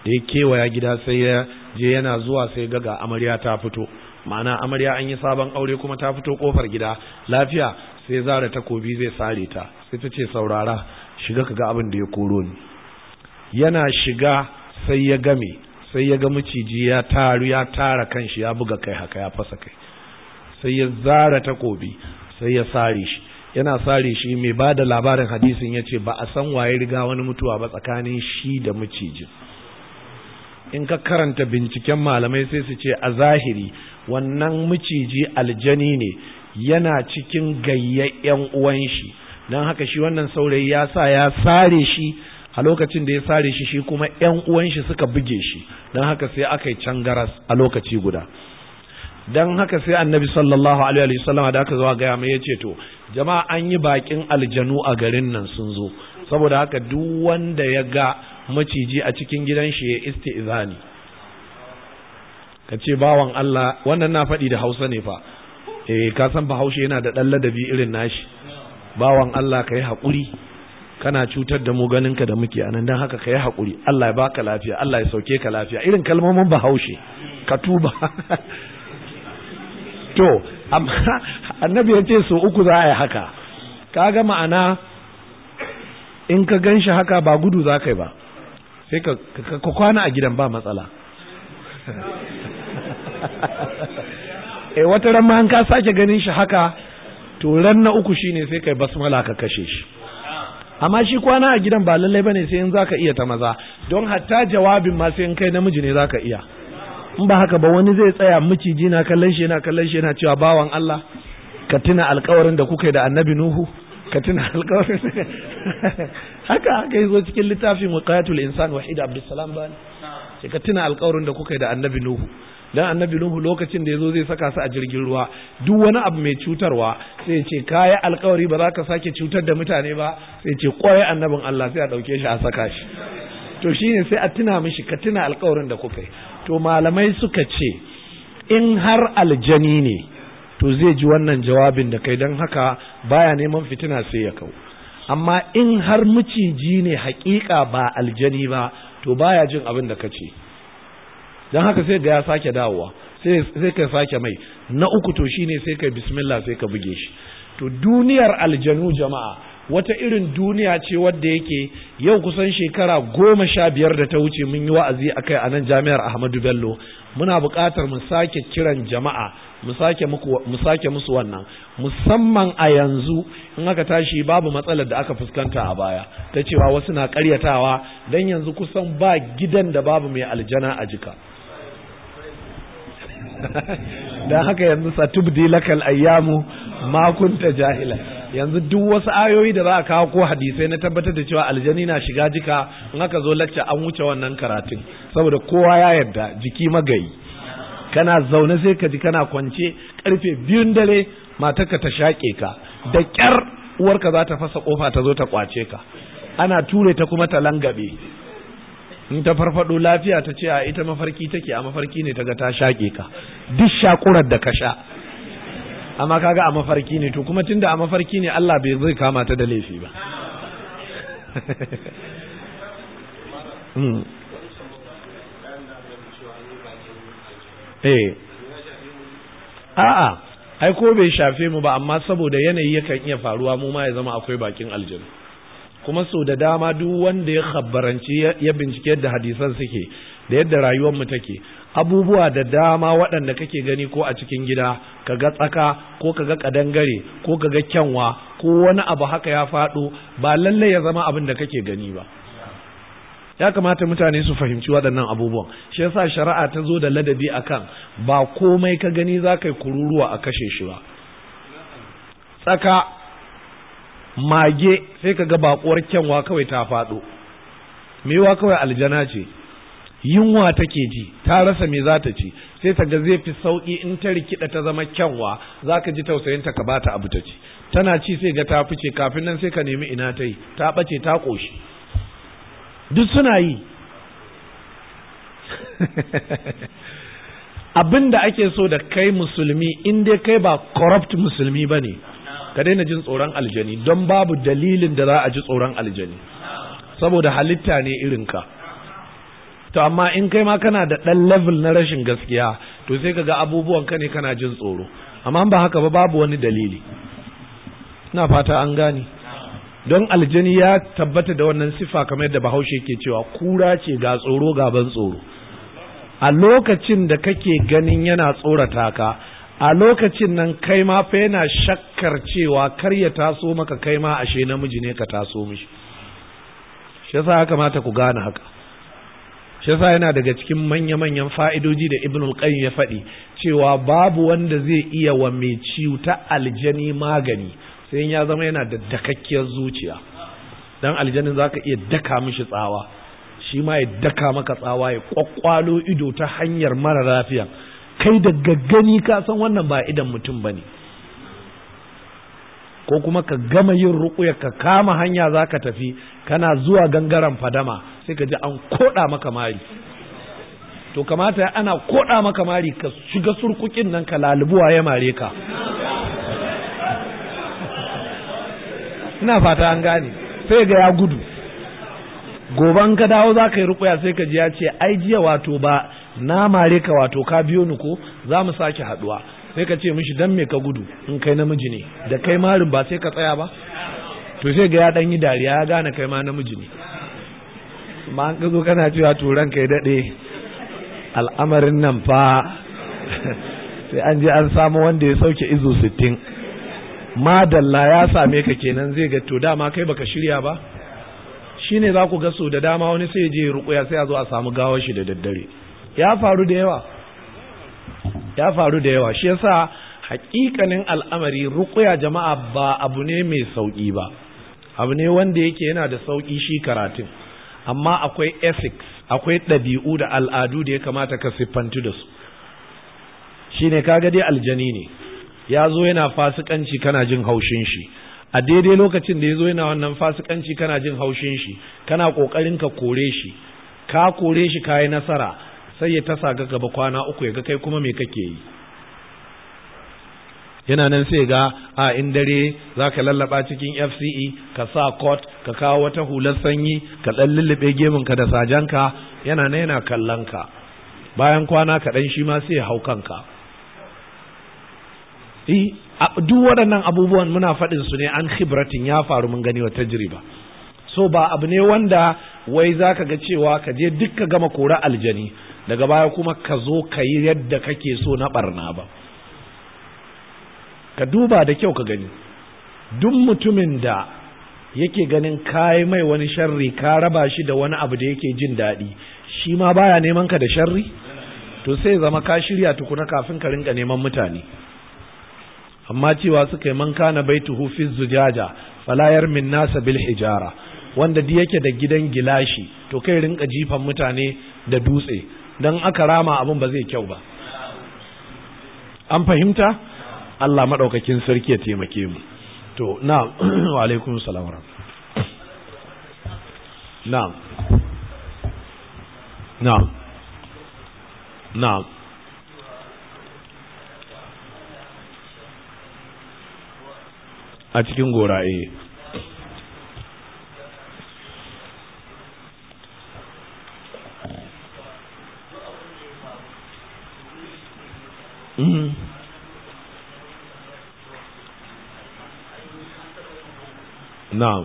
da ya kewaya gida sai ya je yana zuwa sai ga ga amarya ta fito ma'ana amarya an yi sabon aure kuma ta fito kofar gida lafiya sai zara takobi zai sare ta sai ta ce saurara shiga ka ga abin da ya koro ni yana shiga sai ya game sai ya ga maciji ya taru ya tara kanshi ya buga kai haka ya fasa kai sai ya zara takobi sai ya sare shi yana sare shi mai ba da labarin hadisin ya ce ba a san waye riga wani mutuwa ba tsakanin shi da macijin in ka karanta binciken malamai sai su ce a zahiri wannan miciji aljani ne yana cikin gayyayyen uwan shi don haka shi wannan saurayi ya sa ya sare shi a lokacin da ya sare shi shi kuma yan uwan shi suka buge shi don haka sai aka yi cangaras a lokaci guda don haka sai annabi sallallahu alaihi wasallam da aka zuwa gaya mai ce to jama'a an yi bakin aljanu a garin nan sun zo saboda haka duk wanda ya ga maciji a cikin gidan shi ya izani. ka ce bawan Allah wannan na faɗi da hausa ne fa eh ka san bahaushe yana da ɗan ladabi irin nashi bawan Allah ka yi haƙuri kana cutar da mu ganinka da muke anan don haka ka yi haƙuri Allah ya baka lafiya Allah ya sauke ka lafiya irin kalmomin bahaushe ka tuba to amma annabi ya ce so uku za a yi haka kaga ma'ana in ka ganshi haka ba gudu za ka ba sai ka kwana a gidan ba matsala E, wata ran ma an ka sake ganin shi haka to ran na uku shine sai kai basmala ka kashe shi amma shi kwana a gidan ba lallai bane sai in zaka iya ta maza don hatta jawabin ma sai in kai namiji ne zaka iya in ba haka ba wani zai tsaya maciji na kallon shi yana kallon shi yana cewa bawan Allah ka tuna alƙawarin da kuka yi da annabi Nuhu ka tuna alƙawarin haka haka yazo cikin littafin muqayatul insan wahid abdussalam bani ka tuna alƙawarin da kuka yi da annabi Nuhu dan annabi nuhu lokacin da yazo zai saka su a jirgin ruwa duk wani abu mai cutarwa sai ya ce kai alƙawari ba za ka sake cutar da mutane ba sai ya ce koyi annabin Allah sai a dauke shi a saka shi to shine sai a tuna mishi ka tuna alƙawarin da kuka yi to malamai suka ce in har aljani ne to zai ji wannan jawabin da kai dan haka baya neman fitina sai ya kau amma in har miciji ne hakika ba aljani ba to baya jin abin da ka ce don haka sai ga ya sake dawowa sai ka sake mai na uku to shine sai ka bismillah sai ka buge shi to duniyar aljanu jama'a wata irin duniya ce wadda yake yau kusan shekara goma sha biyar da ta wuce mun yi wa'azi a kai a nan jami'ar ahmadu bello muna buƙatar mu sake kiran jama'a mu sake musu wannan musamman a yanzu in aka tashi babu matsalar da aka fuskanta a baya ta cewa wasu na ƙaryatawa don yanzu kusan ba gidan da babu mai aljana a jika dan haka yanzu satubdi lakal ayyamu ma kunta jahila yanzu duk wasu ayoyi da za a kawo ko hadisai na tabbatar da cewa aljani na shiga jika in aka zo lacca an wuce wannan karatun saboda kowa ya yarda jiki magayi kana zaune sai ka ji kana kwance karfe biyun dare matarka ta shaƙe ka da ƙyar uwarka za ta fasa kofa ta zo ta kwace ka ana ture ta kuma ta langabe in ta farfado lafiya ta ce a ita mafarki take a mafarki ne ta ga ta shaƙe ka duk shakurar da ka sha amma kaga a mafarki ne to kuma tunda a mafarki ne Allah bai zai kama ta da laifi ba hmm. eh a'a ai ko bai shafe mu ba amma saboda yanayi yakan iya faruwa mu ma ya zama akwai bakin aljanna kuma so da dama duk wanda ya khabaranci ya bincike da hadisan suke da yadda rayuwar mu take abubuwa da dama waɗanda kake gani ko a cikin gida kaga tsaka ko kaga kadangare ko kaga kyanwa ko wani abu haka ya faɗo ba lalle ya zama abin da kake gani ba ya kamata mutane su fahimci waɗannan abubuwan shi yasa shari'a ta zo da ladabi akan ba komai ka gani za ka yi kururuwa a kashe shi ba tsaka mage sai ka ga bakuwar kyanwa kawai ta faɗo mewa kawai aljana ce yunwa take ji ta rasa me za ta ci sai ta ga zai fi sauƙi in ta rikida ta zama kyanwa za ka ji tausayinta ka ba ta abu ta ci tana ci sai ga ta fice kafin nan sai ka nemi ina ta yi ta ɓace ta ƙoshi duk suna yi abin da ake so da kai musulmi in dai kai ba corrupt musulmi ba ne ka daina jin tsoron aljani don babu dalilin da za a ji tsoron aljani saboda halitta ne irin ka. to amma in kai ma kana da ɗan level na rashin gaskiya to sai ka ga abubuwan ka ne kana jin tsoro amma ba haka ba babu wani dalili ina fata an gane don aljani ya tabbata da wannan sifa kamar yadda bahaushe ke cewa kura ce ga tsoro ga ban tsoro a lokacin da kake ganin yana tsorata ka a lokacin nan kai ma fa yana shakkar cewa kar ya taso maka kai ma ashe namiji ne ka taso mishi shi yasa ya kamata ku gane haka shi yasa yana daga cikin manya-manyan fa'idoji da ibn al-qayyim ya faɗi cewa babu wanda zai iya wa mai ciwo ta aljani magani sai ya zama yana da dakakkiyar zuciya dan aljanin zaka iya daka mishi tsawa shi ma ya daka maka tsawa ya kwakwalo ido ta hanyar mara lafiya kai da gaggani ka san wannan ba idan mutum ba ne ko kuma ka gama yin ruƙuya ka kama hanya za ka tafi kana zuwa gangaren fadama sai ka ji an koɗa maka mari to kamata ana koɗa maka mari ka shiga surkukin nan ka lalubuwa ya mare ka ina fata an gane sai ga ya gudu goban ka dawo za ka yi rukuya sai ka ji ya ce ai jiya wato ba na mare ka wato ka biyo ni ko za mu sake haduwa sai ka ce mishi dan me ka gudu in kai namiji ne da kai marin ba sai ka tsaya ba to sai ga ya dan yi dariya ya gane kai ma namiji ne ma an kazo kana cewa to ranka ya dade al'amarin nan fa sai an je an samu wanda ya sauke izo 60 madalla ya same ka kenan zai ga to dama kai baka shirya ba shine za ku ga so da dama wani sai je rukuya sai a zo a samu gawar shi da daddare ya faru da yawa ya faru da yawa shi yasa hakikanin al'amari ruqya jama'a ba abu ne mai sauki ba abu ne wanda yake yana da sauki shi karatu amma akwai ethics akwai ɗabi'u da al'adu da ya kamata ka siffantu da su shine kaga dai aljani ne ya zo yana fasikanci kana jin haushin shi a daidai lokacin da ya zo yana wannan fasikanci kana jin haushin shi kana ƙoƙarin ka kore shi ka kore shi ka yi nasara sai ya tasa ga gaba kwana uku ya ga kai kuma me kake yi yana nan sai ga a in dare za ka lallaba cikin fce ka sa court ka kawo wata hular sanyi ka ɗan lullube geminka da sajanka yana nan yana kallon ka bayan kwana kaɗan shi ma sai ya hau kanka duk waɗannan abubuwan muna faɗin su ne an khibratin ya faru mun gani wa tajriba so ba abu ne wanda wai za ka ga cewa ka je duk ka gama kora aljani daga baya kuma ka zo ka yi yadda kake so na barna ba ka duba da kyau ka gani duk mutumin da yake ganin kayi mai wani sharri ka raba shi da wani abu da yake jin daɗi shi ma baya neman ka da sharri to sai zama ka shirya tukuna kafin ka rinka neman mutane amma cewa suka yi man kana baituhu fi zujaja falayar min nasa bil hijara wanda di yake da gidan gilashi to kai rinka jifan mutane da dutse don aka rama abin ba zai kyau ba an fahimta Allah maɗaukakin sarki ya taimake mu to na wa alaikum salam na na na a cikin goraye eh. Mm-hmm. na'am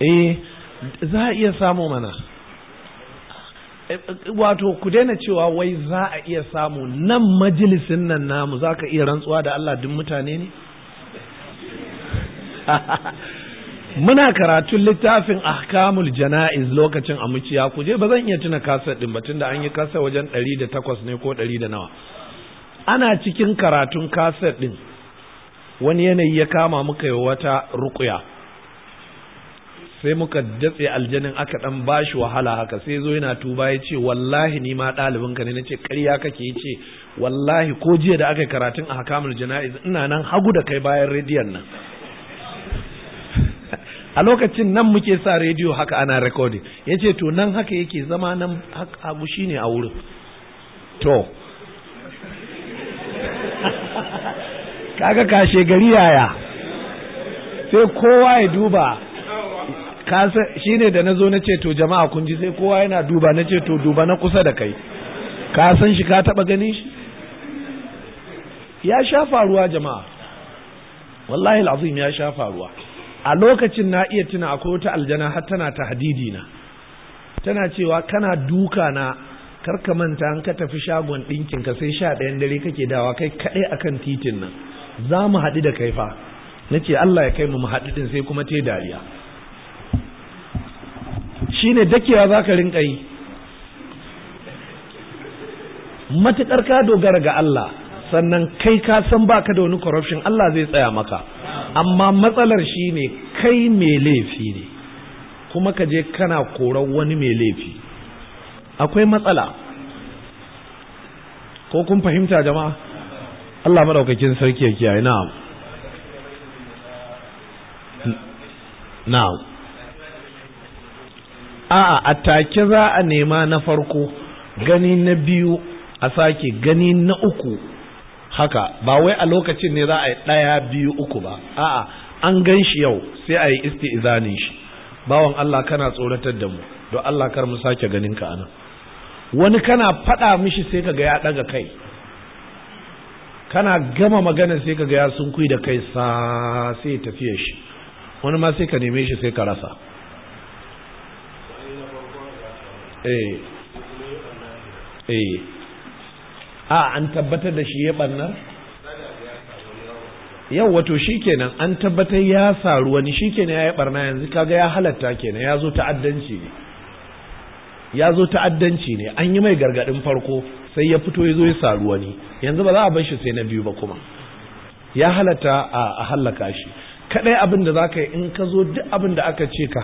eh. Eh, za a iya samu mana wato ku daina cewa wai za a iya samu nan majalisin nan namu za ka iya rantsuwa da Allah duk mutane ne muna karatun littafin ahkamul jana'iz lokacin amuciya ku je ba zan iya tuna kaset din ba tunda an yi kasa wajen 108 ne ko 100 da nawa ana cikin karatun kaset din wani yanayi ya kama muka yi wata rukuya sai muka datse aljanin aka dan bashi wahala haka sai zo yana tuba ya ce wallahi ni ma ɗalibin ka ne na ce ƙarya kake ya ce wallahi ko jiya da aka yi karatun a hakamul jana'iz ina nan hagu da kai bayan rediyon nan a lokacin nan muke sa rediyo haka ana recording ya ce to nan haka yake zama nan hagu shi ne a wurin to kaga kashe gari yaya sai kowa ya duba kasa ne da na zo na ce to jama'a kun ji sai kowa yana duba na ce to duba na kusa da kai ka shi ka taba ganin shi ya sha faruwa jama'a wallahi alazim ya sha faruwa a lokacin na iya tuna akwai wata aljana har tana ta na tana cewa kana duka na karka manta an ka tafi shagon ɗinkin ka sai sha ɗayan dare kake dawa kai kaɗai akan titin nan za mu haɗu da kai fa na ce Allah ya kai mu mu haɗu ɗin sai kuma te dariya shine dakewa za ka rinka yi matuƙar ka dogara ga Allah sannan kai ka san ba ka da wani corruption Allah zai tsaya maka amma matsalar shi ne kai mai laifi ne kuma ka je kana koran wani mai laifi akwai matsala ko kun fahimta jama'a Allah madaukakin sarki ya kiyaye na'am na'am a'a a take za a nema na farko gani na biyu a sake gani na uku haka ba wai a lokacin ne za a yi ɗaya biyu uku ba a'a an gan shi yau sai a yi isti'izanin shi bawan Allah kana tsoratar da mu don Allah kar mu sake ganin ka anan wani kana faɗa mishi sai ka ya ɗaga kai kana gama magana sai ka gaya ya sunkui da kai sa sai tafiya shi wani ma sai ka neme shi sai ka rasa Eh. Eh. Ah, an tabbatar da shi ya yau wato shikenan an tabbatar ya saru wani shikenan ya yi barna yanzu kaga ya halatta kenan ya zo ta'addanci ne ya zo ta'addanci ne an yi mai gargadin farko sai ya fito ya zo ya saru wani yanzu ba za a bar shi sai na biyu ba kuma ya halatta a hallaka shi kadai abin da za ka yi in ka zo duk abin da aka ce ka